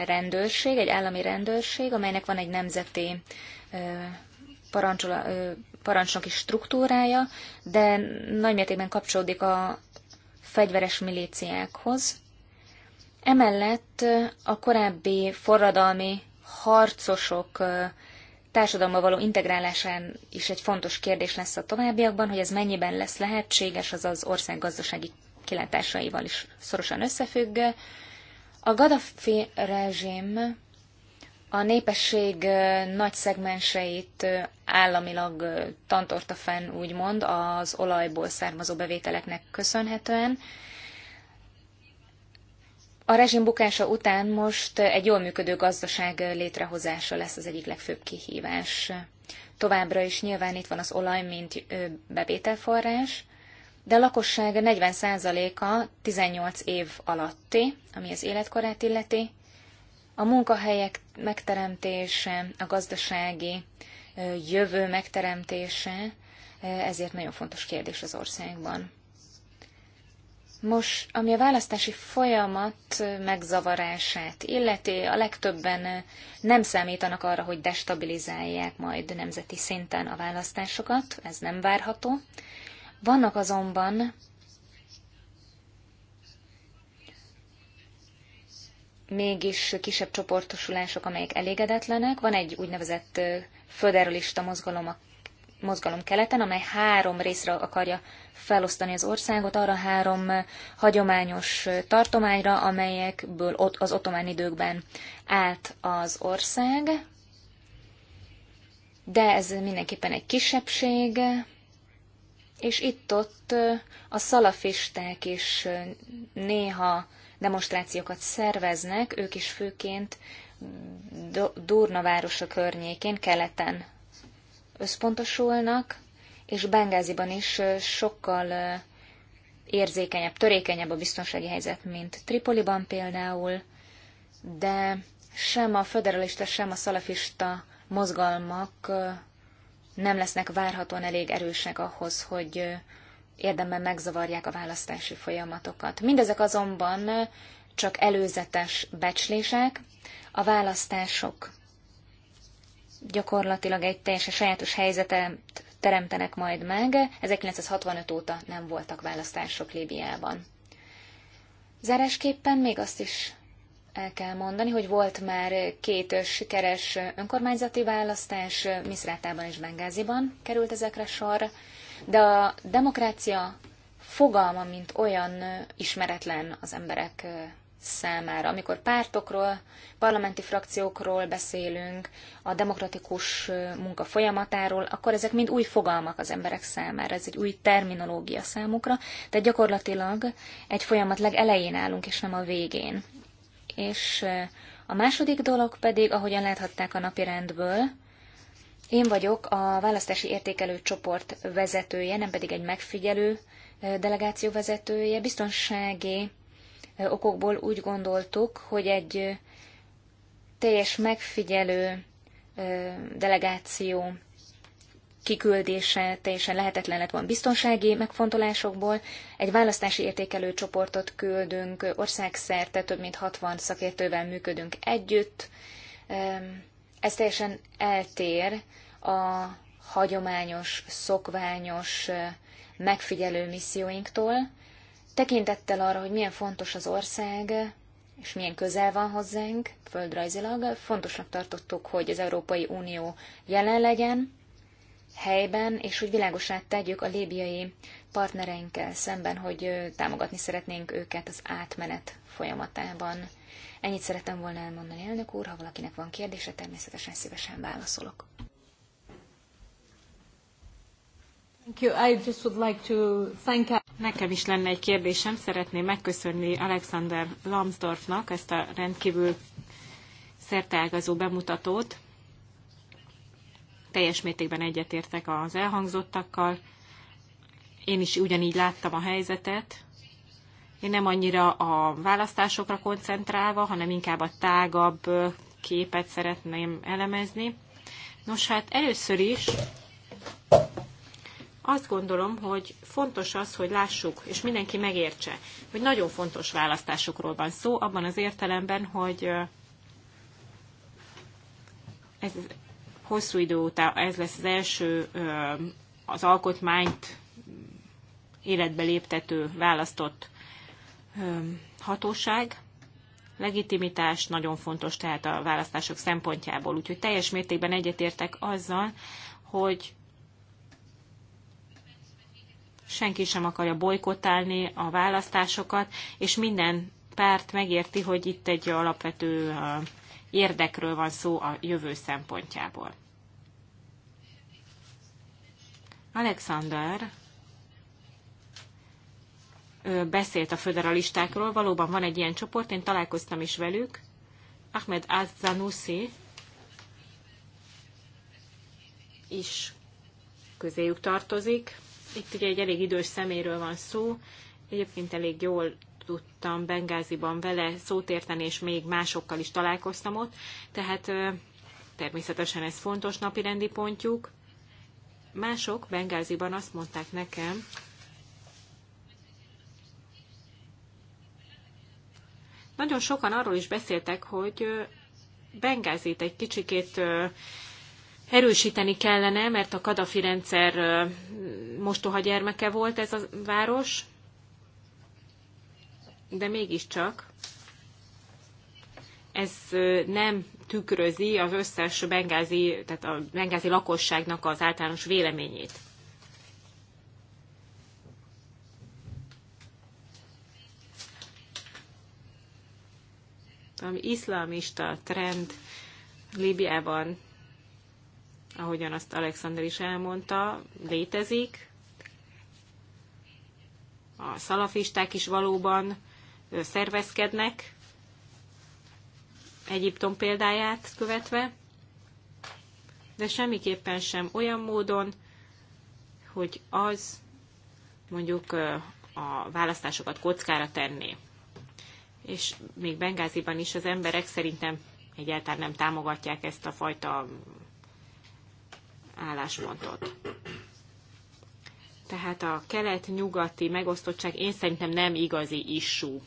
rendőrség, egy állami rendőrség, amelynek van egy nemzeti parancsnoki struktúrája, de nagymértékben kapcsolódik a fegyveres milíciákhoz. Emellett a korábbi forradalmi harcosok társadalma való integrálásán is egy fontos kérdés lesz a továbbiakban, hogy ez mennyiben lesz lehetséges, az az ország gazdasági kilátásaival is szorosan összefügg. A Gaddafi rezsim a népesség nagy szegmenseit államilag tantorta fenn, úgymond, az olajból származó bevételeknek köszönhetően. A rezsim bukása után most egy jól működő gazdaság létrehozása lesz az egyik legfőbb kihívás. Továbbra is nyilván itt van az olaj, mint bevételforrás, de a lakosság 40%-a 18 év alatti, ami az életkorát illeti. A munkahelyek megteremtése, a gazdasági jövő megteremtése, ezért nagyon fontos kérdés az országban. Most, ami a választási folyamat megzavarását illeti, a legtöbben nem számítanak arra, hogy destabilizálják majd nemzeti szinten a választásokat, ez nem várható. Vannak azonban mégis kisebb csoportosulások, amelyek elégedetlenek. Van egy úgynevezett föderalista mozgalom a mozgalom keleten, amely három részre akarja felosztani az országot, arra három hagyományos tartományra, amelyekből az ottomán időkben állt az ország. De ez mindenképpen egy kisebbség, és itt-ott a szalafisták is néha demonstrációkat szerveznek, ők is főként Durna városa környékén, keleten összpontosulnak, és Bengáziban is sokkal érzékenyebb, törékenyebb a biztonsági helyzet, mint Tripoliban például, de sem a föderalista, sem a szalafista mozgalmak nem lesznek várhatóan elég erősek ahhoz, hogy érdemben megzavarják a választási folyamatokat. Mindezek azonban csak előzetes becslések, a választások gyakorlatilag egy teljesen sajátos helyzetet teremtenek majd meg. 1965 óta nem voltak választások Líbiában. Zárásképpen még azt is el kell mondani, hogy volt már két sikeres önkormányzati választás, Misrátában és Bengáziban került ezekre sor, de a demokrácia fogalma, mint olyan ismeretlen az emberek számára. Amikor pártokról, parlamenti frakciókról beszélünk, a demokratikus munka folyamatáról, akkor ezek mind új fogalmak az emberek számára, ez egy új terminológia számukra, tehát gyakorlatilag egy folyamat legelején állunk, és nem a végén. És a második dolog pedig, ahogyan láthatták a napi rendből, én vagyok a választási értékelő csoport vezetője, nem pedig egy megfigyelő delegáció vezetője. Biztonsági okokból úgy gondoltuk, hogy egy teljes megfigyelő delegáció kiküldése teljesen lehetetlen lett volna biztonsági megfontolásokból. Egy választási értékelő csoportot küldünk, országszerte több mint 60 szakértővel működünk együtt. Ez teljesen eltér a hagyományos, szokványos megfigyelő misszióinktól, tekintettel arra, hogy milyen fontos az ország, és milyen közel van hozzánk földrajzilag, fontosnak tartottuk, hogy az Európai Unió jelen legyen, helyben, és hogy világosá tegyük a líbiai partnereinkkel szemben, hogy támogatni szeretnénk őket az átmenet folyamatában. Ennyit szerettem volna elmondani, elnök úr, ha valakinek van kérdése, természetesen szívesen válaszolok. Thank thank. you. I just would like to Nekem is lenne egy kérdésem, szeretném megköszönni Alexander Lambsdorffnak ezt a rendkívül szerteágazó bemutatót teljes mértékben egyetértek az elhangzottakkal. Én is ugyanígy láttam a helyzetet. Én nem annyira a választásokra koncentrálva, hanem inkább a tágabb képet szeretném elemezni. Nos, hát először is azt gondolom, hogy fontos az, hogy lássuk, és mindenki megértse, hogy nagyon fontos választásokról van szó, abban az értelemben, hogy ez hosszú idő óta ez lesz az első az alkotmányt életbe léptető választott hatóság. Legitimitás nagyon fontos tehát a választások szempontjából, úgyhogy teljes mértékben egyetértek azzal, hogy senki sem akarja bolykotálni a választásokat, és minden párt megérti, hogy itt egy alapvető érdekről van szó a jövő szempontjából. Alexander beszélt a föderalistákról, valóban van egy ilyen csoport, én találkoztam is velük, Ahmed Azzanusi is közéjük tartozik. Itt ugye egy elég idős szeméről van szó, egyébként elég jól tudtam Bengáziban vele szót érteni, és még másokkal is találkoztam ott, tehát természetesen ez fontos napirendi pontjuk. Mások Bengáziban azt mondták nekem, nagyon sokan arról is beszéltek, hogy Bengázit egy kicsikét erősíteni kellene, mert a Kadafi rendszer mostoha gyermeke volt ez a város, de mégiscsak ez nem tükrözi az összes bengázi, tehát a bengázi lakosságnak az általános véleményét. Ami iszlamista trend Líbiában, ahogyan azt Alexander is elmondta, létezik. A szalafisták is valóban szervezkednek, Egyiptom példáját követve, de semmiképpen sem olyan módon, hogy az mondjuk a választásokat kockára tenné. És még Bengáziban is az emberek szerintem egyáltalán nem támogatják ezt a fajta álláspontot. Tehát a kelet-nyugati megosztottság én szerintem nem igazi issú.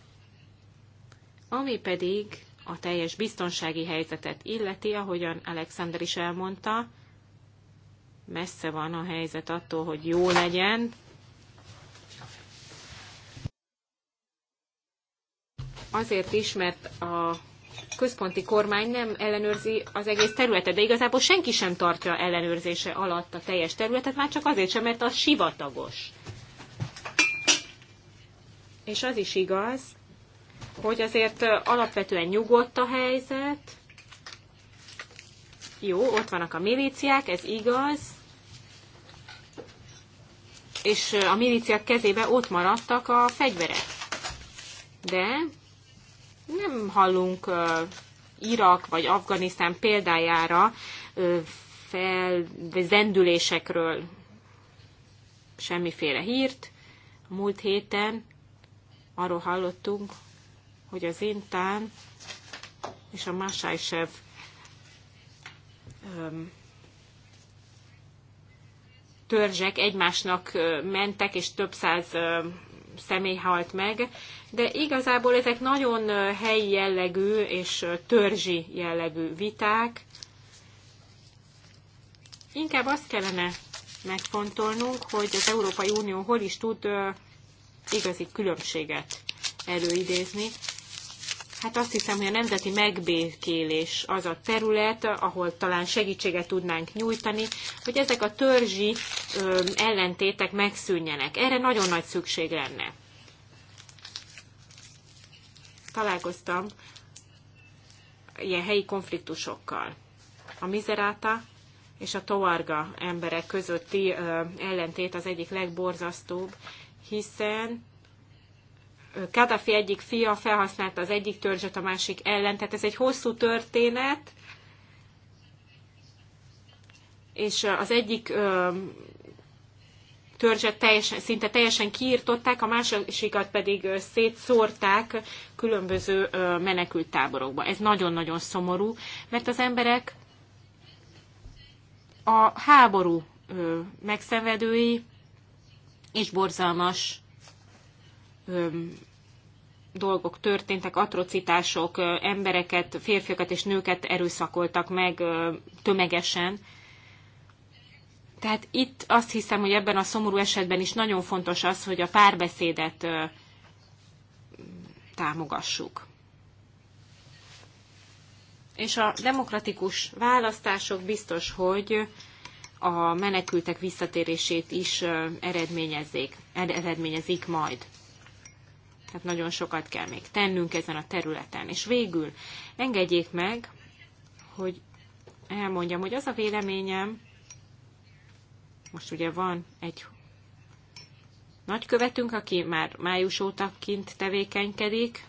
Ami pedig a teljes biztonsági helyzetet illeti, ahogyan Alexander is elmondta, messze van a helyzet attól, hogy jó legyen. Azért is, mert a központi kormány nem ellenőrzi az egész területet, de igazából senki sem tartja ellenőrzése alatt a teljes területet, már csak azért sem, mert az sivatagos. És az is igaz, hogy azért alapvetően nyugodt a helyzet. Jó, ott vannak a milíciák, ez igaz. És a milíciák kezébe ott maradtak a fegyverek. De nem hallunk Irak vagy Afganisztán példájára fel, zendülésekről semmiféle hírt. múlt héten arról hallottunk, hogy az Intán és a Masájsev törzsek egymásnak mentek, és több száz személy halt meg, de igazából ezek nagyon helyi jellegű és törzsi jellegű viták. Inkább azt kellene megfontolnunk, hogy az Európai Unió hol is tud igazi különbséget előidézni Hát azt hiszem, hogy a nemzeti megbékélés az a terület, ahol talán segítséget tudnánk nyújtani, hogy ezek a törzsi ö, ellentétek megszűnjenek. Erre nagyon nagy szükség lenne. Találkoztam ilyen helyi konfliktusokkal. A mizeráta és a tovarga emberek közötti ö, ellentét az egyik legborzasztóbb, hiszen Kadhafi egyik fia felhasználta az egyik törzset a másik ellen, tehát ez egy hosszú történet, és az egyik törzset teljesen, szinte teljesen kiirtották, a másikat pedig szétszórták különböző menekült táborokba. Ez nagyon-nagyon szomorú, mert az emberek a háború megszenvedői, és borzalmas dolgok történtek, atrocitások, embereket, férfiakat és nőket erőszakoltak meg tömegesen. Tehát itt azt hiszem, hogy ebben a szomorú esetben is nagyon fontos az, hogy a párbeszédet támogassuk. És a demokratikus választások biztos, hogy a menekültek visszatérését is eredményezzék, eredményezik majd. Tehát nagyon sokat kell még tennünk ezen a területen. És végül engedjék meg, hogy elmondjam, hogy az a véleményem, most ugye van egy nagykövetünk, aki már május óta kint tevékenykedik,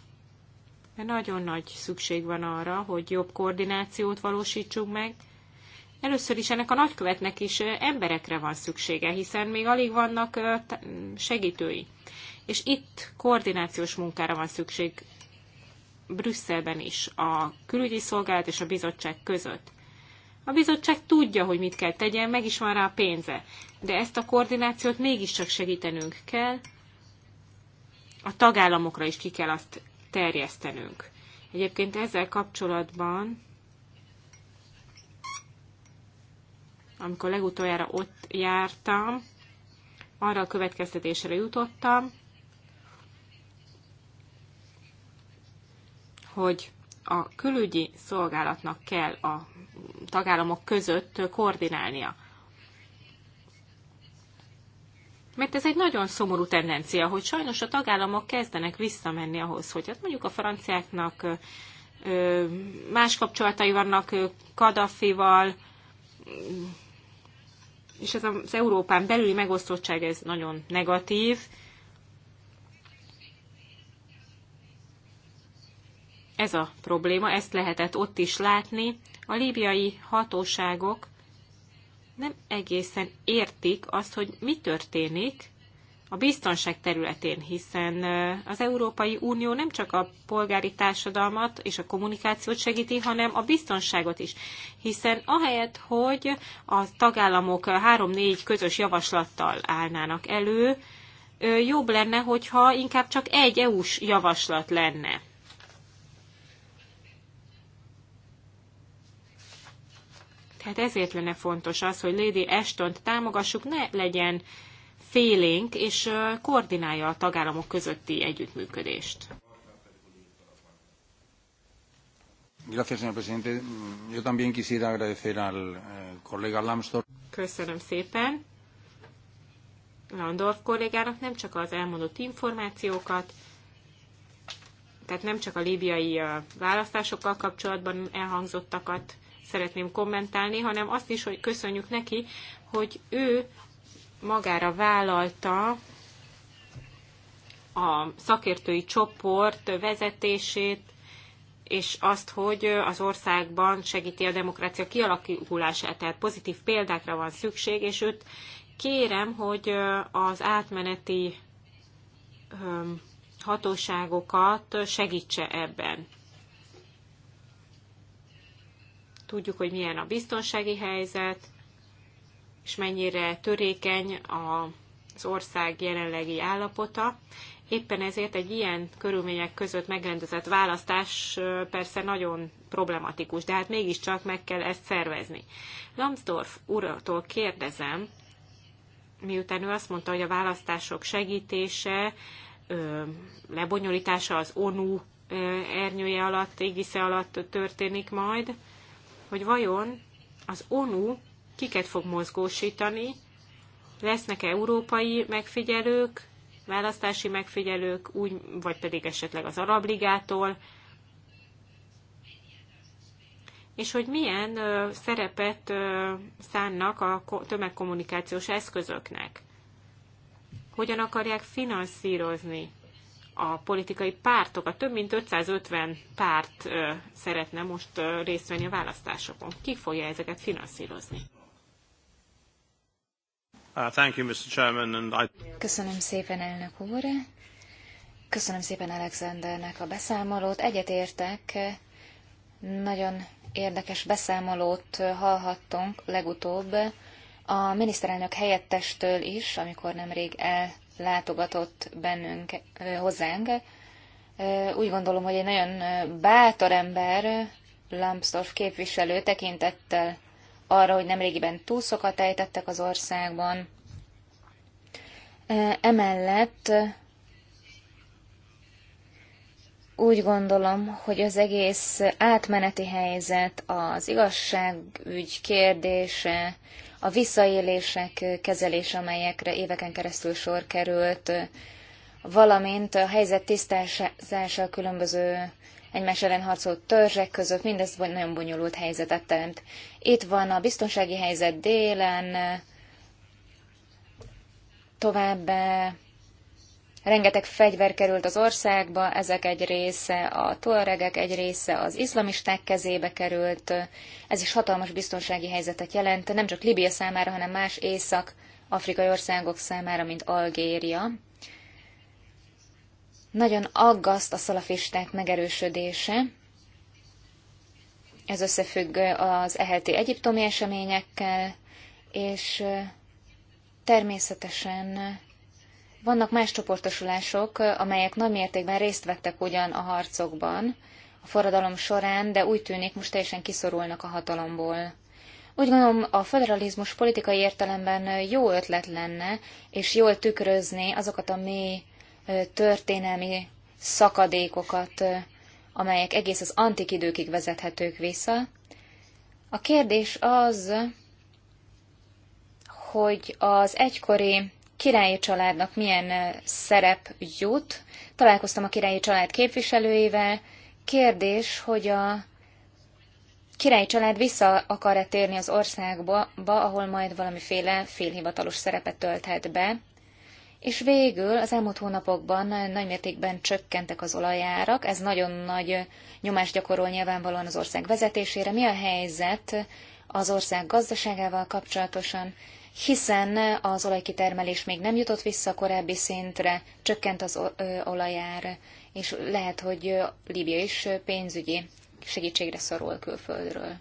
de nagyon nagy szükség van arra, hogy jobb koordinációt valósítsunk meg. Először is ennek a nagykövetnek is emberekre van szüksége, hiszen még alig vannak segítői és itt koordinációs munkára van szükség Brüsszelben is, a külügyi szolgálat és a bizottság között. A bizottság tudja, hogy mit kell tegyen, meg is van rá a pénze, de ezt a koordinációt mégiscsak segítenünk kell, a tagállamokra is ki kell azt terjesztenünk. Egyébként ezzel kapcsolatban, amikor legutoljára ott jártam, arra a következtetésre jutottam, hogy a külügyi szolgálatnak kell a tagállamok között koordinálnia. Mert ez egy nagyon szomorú tendencia, hogy sajnos a tagállamok kezdenek visszamenni ahhoz, hogy hát mondjuk a franciáknak más kapcsolatai vannak Kadafival, és ez az Európán belüli megosztottság ez nagyon negatív, ez a probléma, ezt lehetett ott is látni. A líbiai hatóságok nem egészen értik azt, hogy mi történik a biztonság területén, hiszen eh, az Európai Unió nem csak a polgári társadalmat és a kommunikációt segíti, hanem a biztonságot is. Hiszen ahelyett, hogy a tagállamok három-négy közös javaslattal állnának elő, eh, jobb lenne, hogyha inkább csak egy EU-s javaslat lenne. Hát ezért lenne fontos az, hogy Lady ashton támogassuk, ne legyen félénk, és koordinálja a tagállamok közötti együttműködést. Gracias, señor presidente. Yo también quisiera agradecer al eh, colega Lambsdorff. Köszönöm szépen. Landorf kollégának nem csak az elmondott információkat, tehát nem csak a líbiai választásokkal kapcsolatban elhangzottakat, szeretném kommentálni, hanem azt is, hogy köszönjük neki, hogy ő magára vállalta a szakértői csoport vezetését, és azt, hogy az országban segíti a demokrácia kialakulását, tehát pozitív példákra van szükség, és őt kérem, hogy az átmeneti hatóságokat segítse ebben. tudjuk, hogy milyen a biztonsági helyzet, és mennyire törékeny az ország jelenlegi állapota. Éppen ezért egy ilyen körülmények között megrendezett választás persze nagyon problematikus, de hát mégiscsak meg kell ezt szervezni. Lambsdorff uratól kérdezem, miután ő azt mondta, hogy a választások segítése, lebonyolítása az ONU ernyője alatt, égisze alatt történik majd, hogy vajon az ONU kiket fog mozgósítani, lesznek -e európai megfigyelők, választási megfigyelők, úgy, vagy pedig esetleg az Arab Ligától, és hogy milyen ö, szerepet ö, szánnak a tömegkommunikációs eszközöknek. Hogyan akarják finanszírozni a politikai pártokat. Több mint 550 párt szeretne most részt venni a választásokon. Ki fogja ezeket finanszírozni? Uh, Köszönöm szépen, elnök úr. Köszönöm szépen Alexandernek a beszámolót. Egyetértek, nagyon érdekes beszámolót hallhattunk legutóbb a miniszterelnök helyettestől is, amikor nemrég el látogatott bennünk hozzánk. Úgy gondolom, hogy egy nagyon bátor ember, Lambsdorff képviselő tekintettel arra, hogy nemrégiben túszokat ejtettek az országban. Emellett úgy gondolom, hogy az egész átmeneti helyzet, az igazságügy kérdése, a visszaélések kezelése, amelyekre éveken keresztül sor került, valamint a helyzet tisztázása a különböző egymás ellen harcoló törzsek között, mindez nagyon bonyolult helyzetet teremt. Itt van a biztonsági helyzet délen, továbbá Rengeteg fegyver került az országba, ezek egy része a tuaregek, egy része az iszlamisták kezébe került. Ez is hatalmas biztonsági helyzetet jelent, nem csak Libia számára, hanem más észak-afrikai országok számára, mint Algéria. Nagyon aggaszt a szalafisták megerősödése. Ez összefügg az eheti egyiptomi eseményekkel, és természetesen vannak más csoportosulások, amelyek nagy mértékben részt vettek ugyan a harcokban, a forradalom során, de úgy tűnik most teljesen kiszorulnak a hatalomból. Úgy gondolom, a federalizmus politikai értelemben jó ötlet lenne, és jól tükrözni azokat a mély történelmi szakadékokat, amelyek egész az antik időkig vezethetők vissza. A kérdés az, hogy az egykori királyi családnak milyen szerep jut. Találkoztam a királyi család képviselőivel. Kérdés, hogy a királyi család vissza akar-e térni az országba, ahol majd valamiféle félhivatalos szerepet tölthet be. És végül az elmúlt hónapokban nagymértékben csökkentek az olajárak, ez nagyon nagy nyomást gyakorol nyilvánvalóan az ország vezetésére. Mi a helyzet az ország gazdaságával kapcsolatosan, hiszen az olajkitermelés még nem jutott vissza a korábbi szintre, csökkent az olajár, és lehet, hogy Líbia is pénzügyi segítségre szorul külföldről.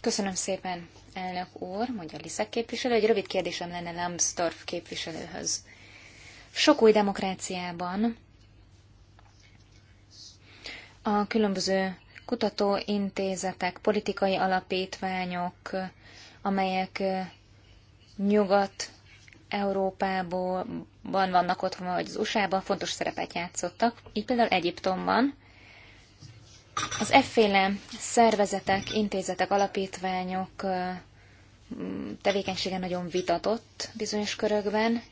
Köszönöm szépen, elnök úr, mondja Liszek képviselő. Egy rövid kérdésem lenne Lambsdorff képviselőhöz. Sok új demokráciában a különböző kutatóintézetek, politikai alapítványok, amelyek nyugat Európában vannak otthon, vagy az USA-ban fontos szerepet játszottak, így például Egyiptomban. Az efféle szervezetek, intézetek, alapítványok tevékenysége nagyon vitatott bizonyos körökben.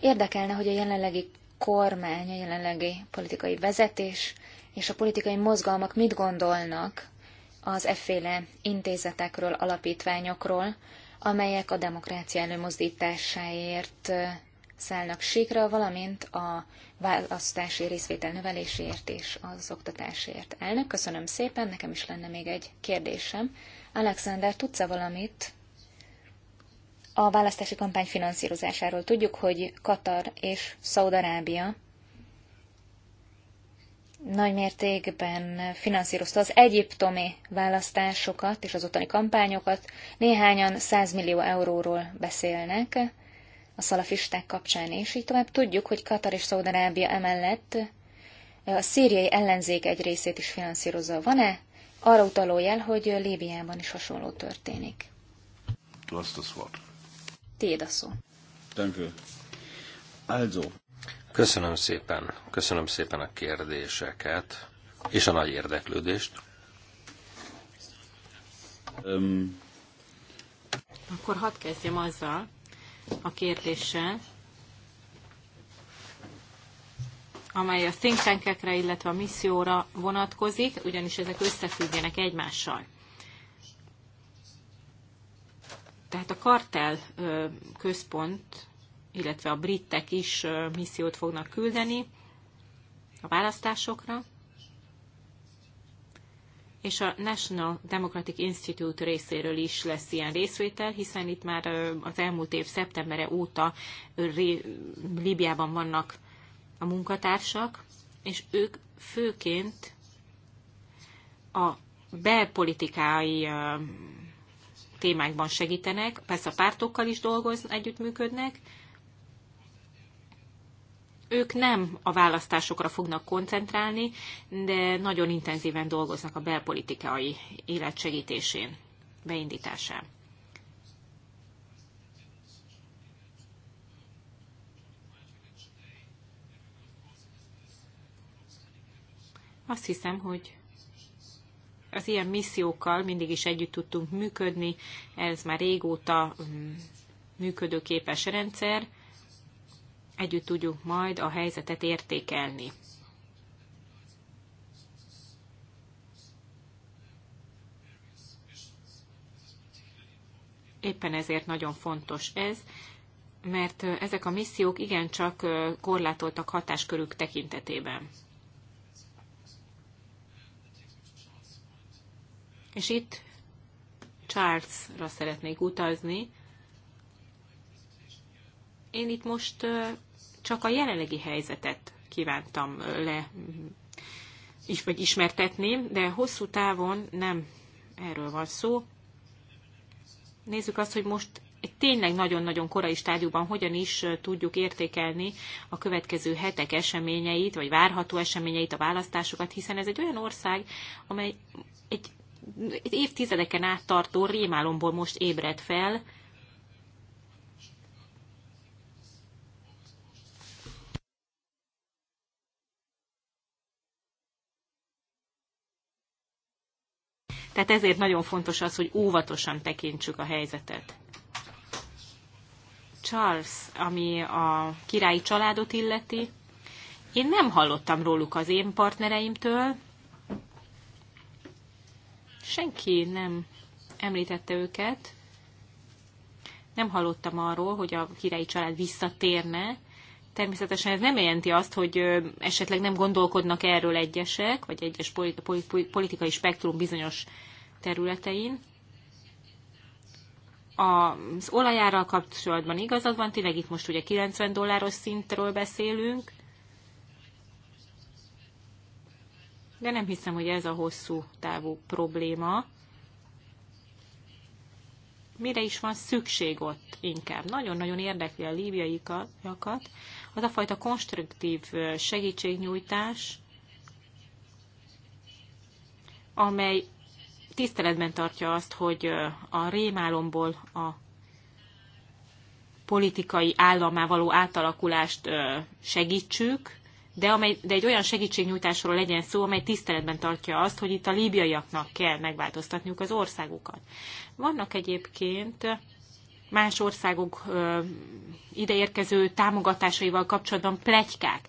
Érdekelne, hogy a jelenlegi kormány, a jelenlegi politikai vezetés és a politikai mozgalmak mit gondolnak az efféle intézetekről, alapítványokról, amelyek a demokrácia előmozdításáért szállnak síkra, valamint a választási részvétel növeléséért és az oktatásért. Elnök, köszönöm szépen, nekem is lenne még egy kérdésem. Alexander, tudsz-e valamit a választási kampány finanszírozásáról? Tudjuk, hogy Katar és Szaudarábia nagy mértékben finanszírozta az egyiptomi választásokat és az ottani kampányokat. Néhányan 100 millió euróról beszélnek a szalafisták kapcsán, és így tovább tudjuk, hogy Katar és Szaudarábia emellett a szíriai ellenzék egy részét is finanszírozza. Van-e arra utaló jel, hogy Líbiában is hasonló történik? Tiéd a szó. Danke. Also. Köszönöm szépen, köszönöm szépen a kérdéseket és a nagy érdeklődést. Um. Akkor hadd kezdjem azzal a kérdéssel, amely a think tankekre, illetve a misszióra vonatkozik, ugyanis ezek összefüggenek egymással. Tehát a kartel központ illetve a britek is missziót fognak küldeni a választásokra, és a National Democratic Institute részéről is lesz ilyen részvétel, hiszen itt már az elmúlt év szeptembere óta Líbiában vannak a munkatársak, és ők főként a belpolitikai témákban segítenek, persze a pártokkal is dolgoznak, együttműködnek, ők nem a választásokra fognak koncentrálni, de nagyon intenzíven dolgoznak a belpolitikai élet segítésén, beindításán. Azt hiszem, hogy az ilyen missziókkal mindig is együtt tudtunk működni, ez már régóta mm, működőképes rendszer, együtt tudjuk majd a helyzetet értékelni. Éppen ezért nagyon fontos ez, mert ezek a missziók igencsak korlátoltak hatáskörük tekintetében. És itt Charlesra szeretnék utazni. Én itt most csak a jelenlegi helyzetet kívántam le is, vagy ismertetni, de hosszú távon nem erről van szó. Nézzük azt, hogy most egy tényleg nagyon-nagyon korai stádiumban hogyan is tudjuk értékelni a következő hetek eseményeit, vagy várható eseményeit, a választásokat, hiszen ez egy olyan ország, amely egy, egy évtizedeken át tartó rémálomból most ébred fel, Tehát ezért nagyon fontos az, hogy óvatosan tekintsük a helyzetet. Charles, ami a királyi családot illeti, én nem hallottam róluk az én partnereimtől. Senki nem említette őket. Nem hallottam arról, hogy a királyi család visszatérne. Természetesen ez nem jelenti azt, hogy esetleg nem gondolkodnak erről egyesek, vagy egyes politikai spektrum bizonyos területein. Az olajára kapcsolatban igazad van, tényleg itt most ugye 90 dolláros szintről beszélünk, de nem hiszem, hogy ez a hosszú távú probléma. Mire is van szükség ott inkább? Nagyon-nagyon érdekli a líbiaiakat az a fajta konstruktív segítségnyújtás, amely tiszteletben tartja azt, hogy a rémálomból a politikai állammá való átalakulást segítsük, de, amely, de egy olyan segítségnyújtásról legyen szó, amely tiszteletben tartja azt, hogy itt a líbiaiaknak kell megváltoztatniuk az országukat. Vannak egyébként más országok ideérkező támogatásaival kapcsolatban pletykák,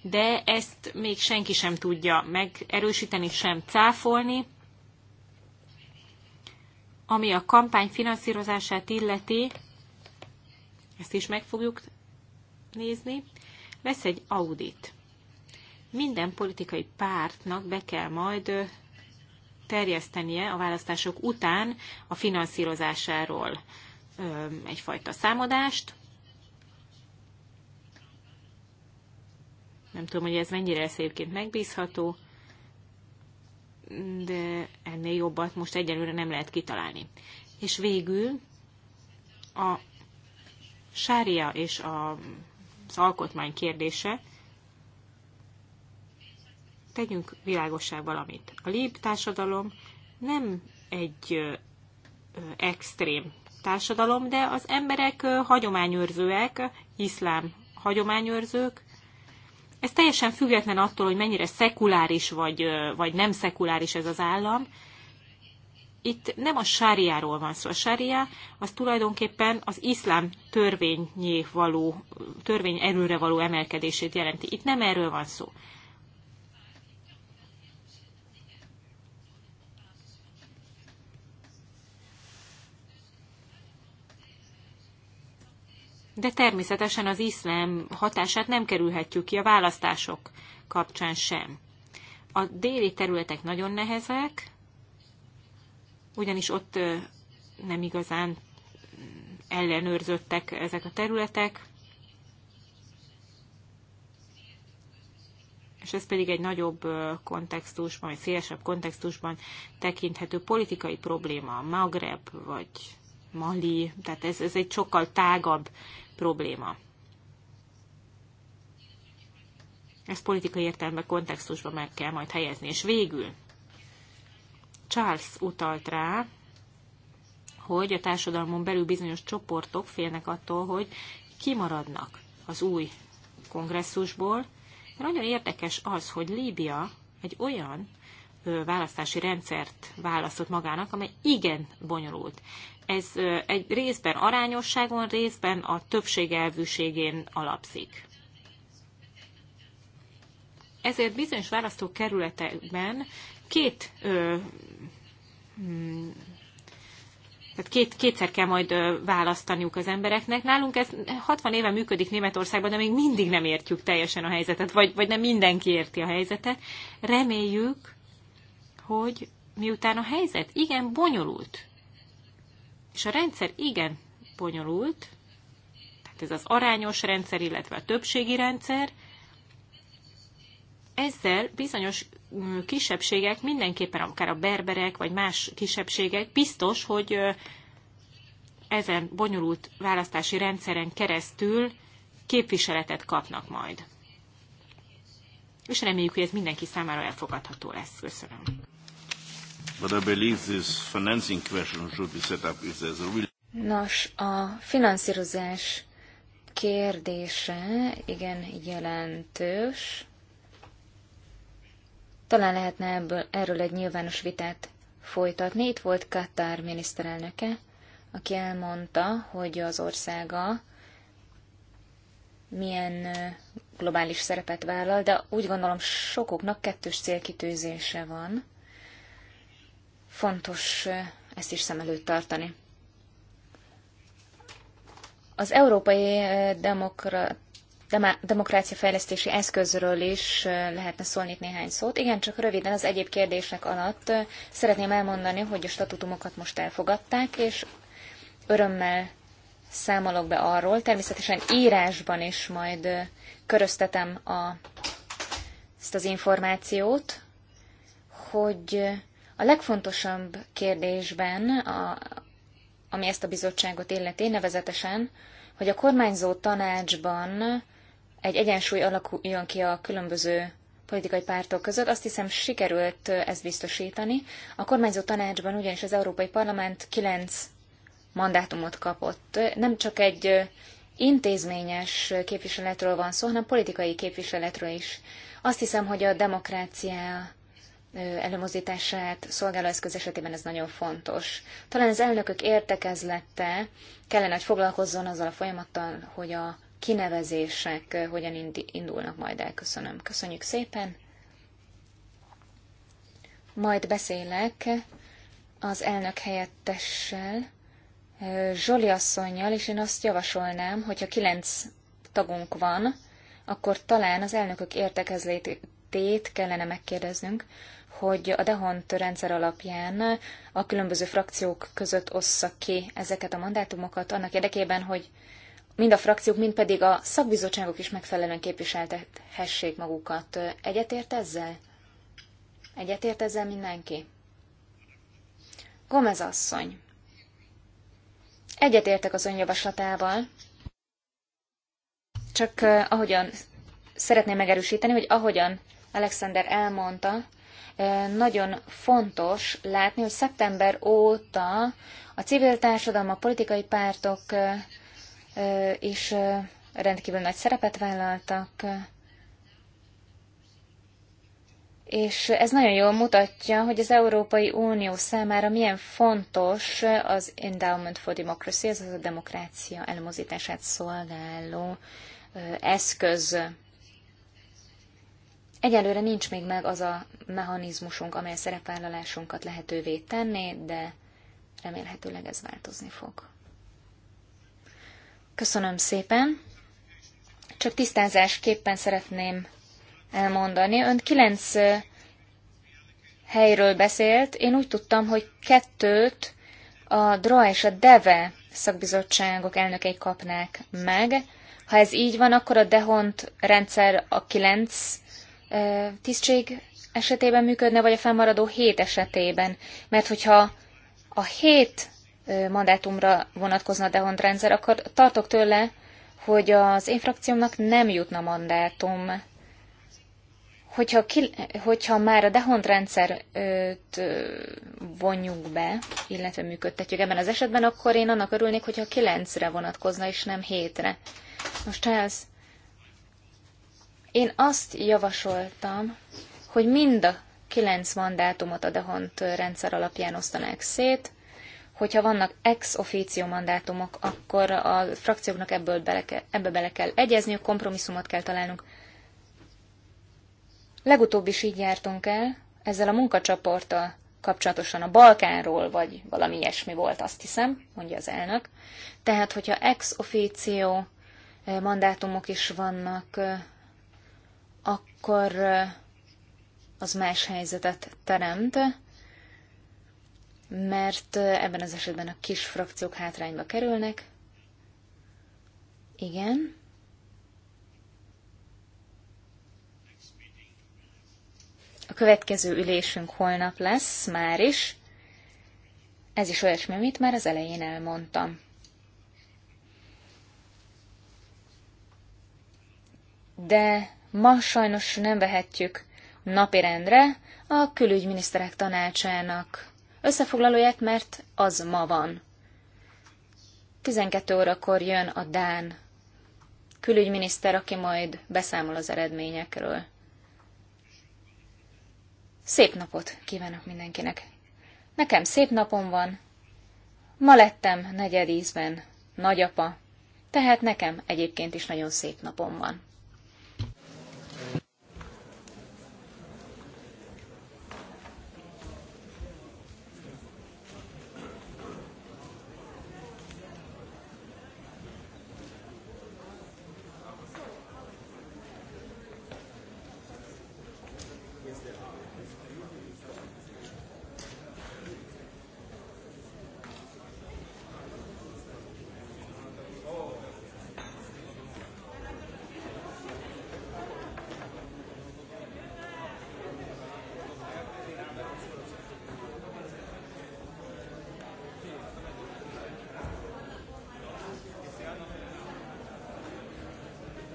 de ezt még senki sem tudja megerősíteni, sem cáfolni. Ami a kampány finanszírozását illeti, ezt is meg fogjuk nézni, lesz egy audit. Minden politikai pártnak be kell majd terjesztenie a választások után a finanszírozásáról egyfajta számodást. Nem tudom, hogy ez mennyire szépként megbízható, de ennél jobbat most egyelőre nem lehet kitalálni. És végül a sária és a, az alkotmány kérdése, tegyünk világosság valamit. A lib társadalom nem egy extrém társadalom, de az emberek hagyományőrzőek, iszlám hagyományőrzők, ez teljesen független attól, hogy mennyire szekuláris vagy, vagy nem szekuláris ez az állam. Itt nem a sáriáról van szó. A sáriá az tulajdonképpen az iszlám törvényé való, törvény erőre való emelkedését jelenti. Itt nem erről van szó. de természetesen az iszlám hatását nem kerülhetjük ki a választások kapcsán sem. A déli területek nagyon nehezek, ugyanis ott nem igazán ellenőrzöttek ezek a területek, és ez pedig egy nagyobb kontextusban, vagy szélesebb kontextusban tekinthető politikai probléma, Magreb vagy Mali, tehát ez, ez egy sokkal tágabb probléma. Ezt politikai értelemben kontextusban meg kell majd helyezni. És végül Charles utalt rá, hogy a társadalmon belül bizonyos csoportok félnek attól, hogy kimaradnak az új kongresszusból. De nagyon érdekes az, hogy Líbia egy olyan választási rendszert választott magának, amely igen bonyolult ez egy részben arányosságon, részben a többség elvűségén alapszik. Ezért bizonyos választókerületekben két ö, hmm, tehát két, kétszer kell majd választaniuk az embereknek. Nálunk ez 60 éve működik Németországban, de még mindig nem értjük teljesen a helyzetet, vagy, vagy nem mindenki érti a helyzetet. Reméljük, hogy miután a helyzet igen bonyolult, és a rendszer igen bonyolult, tehát ez az arányos rendszer, illetve a többségi rendszer, ezzel bizonyos mm, kisebbségek, mindenképpen akár a berberek, vagy más kisebbségek biztos, hogy ezen bonyolult választási rendszeren keresztül képviseletet kapnak majd. És reméljük, hogy ez mindenki számára elfogadható lesz. Köszönöm. But I believe this financing question should be set up if there's a Nos, a finanszírozás kérdése igen jelentős. Talán lehetne ebből, erről egy nyilvános vitát folytatni. Itt volt Katár miniszterelnöke, aki elmondta, hogy az országa milyen globális szerepet vállal, de úgy gondolom sokoknak kettős célkitűzése van. Fontos eh, ezt is szem előtt tartani. Az európai eh, demokrat demokrácia fejlesztési eszközről is eh, lehetne szólni itt néhány szót. Igen, csak röviden az egyéb kérdések alatt szeretném elmondani, hogy a statutumokat most elfogadták, és örömmel számolok be arról. Természetesen írásban is majd köröztetem a, ezt az információt, hogy a legfontosabb kérdésben, a, ami ezt a bizottságot illeti, nevezetesen, hogy a kormányzó tanácsban egy egyensúly alakuljon ki a különböző politikai pártok között. Azt hiszem, sikerült ezt biztosítani. A kormányzó tanácsban ugyanis az Európai Parlament kilenc mandátumot kapott. Nem csak egy intézményes képviseletről van szó, hanem politikai képviseletről is. Azt hiszem, hogy a demokrácia szolgáló szolgálóeszköz esetében ez nagyon fontos. Talán az elnökök értekezlette kellene, hogy foglalkozzon azzal a folyamattal, hogy a kinevezések hogyan indulnak majd el. Köszönöm. Köszönjük szépen. Majd beszélek az elnök helyettessel, Zsoli asszonynal, és én azt javasolnám, hogyha kilenc tagunk van, akkor talán az elnökök értekezlétét kellene megkérdeznünk, hogy a Dehont rendszer alapján a különböző frakciók között ossza ki ezeket a mandátumokat, annak érdekében, hogy mind a frakciók, mind pedig a szakbizottságok is megfelelően képviseltethessék magukat. Egyetért ezzel? Egyetért ezzel mindenki? Gomez asszony. Egyetértek az önjavaslatával, csak eh, ahogyan szeretném megerősíteni, hogy ahogyan Alexander elmondta, nagyon fontos látni, hogy szeptember óta a civil társadalom, a politikai pártok is rendkívül nagy szerepet vállaltak, és ez nagyon jól mutatja, hogy az Európai Unió számára milyen fontos az Endowment for Democracy, azaz a demokrácia elmozítását szolgáló eszköz. Egyelőre nincs még meg az a mechanizmusunk, amely a szerepvállalásunkat lehetővé tenné, de remélhetőleg ez változni fog. Köszönöm szépen! Csak tisztázásképpen szeretném elmondani. Ön kilenc helyről beszélt. Én úgy tudtam, hogy kettőt a DRA és a DEVE szakbizottságok elnökei kapnák meg. Ha ez így van, akkor a DEHONT rendszer a kilenc tisztség esetében működne, vagy a fennmaradó hét esetében. Mert hogyha a hét mandátumra vonatkozna a Dehont rendszer, akkor tartok tőle, hogy az én frakciómnak nem jutna mandátum. Hogyha, ki, hogyha már a Dehont rendszert vonjuk be, illetve működtetjük ebben az esetben, akkor én annak örülnék, hogyha kilencre vonatkozna, és nem hétre. Most Charles, én azt javasoltam, hogy mind a kilenc mandátumot a Dehont rendszer alapján osztanák szét, hogyha vannak ex officio mandátumok, akkor a frakcióknak ebből bele kell, ebbe bele kell egyezniük, kompromisszumot kell találnunk. Legutóbb is így jártunk el, ezzel a munkacsoporttal kapcsolatosan a Balkánról, vagy valami ilyesmi volt, azt hiszem, mondja az elnök. Tehát, hogyha ex officio eh, mandátumok is vannak eh, akkor az más helyzetet teremt, mert ebben az esetben a kis frakciók hátrányba kerülnek. Igen. A következő ülésünk holnap lesz, már is. Ez is olyasmi, amit már az elején elmondtam. De ma sajnos nem vehetjük napirendre a külügyminiszterek tanácsának összefoglalóját, mert az ma van. 12 órakor jön a Dán külügyminiszter, aki majd beszámol az eredményekről. Szép napot kívánok mindenkinek! Nekem szép napom van. Ma lettem negyed ízben nagyapa, tehát nekem egyébként is nagyon szép napom van.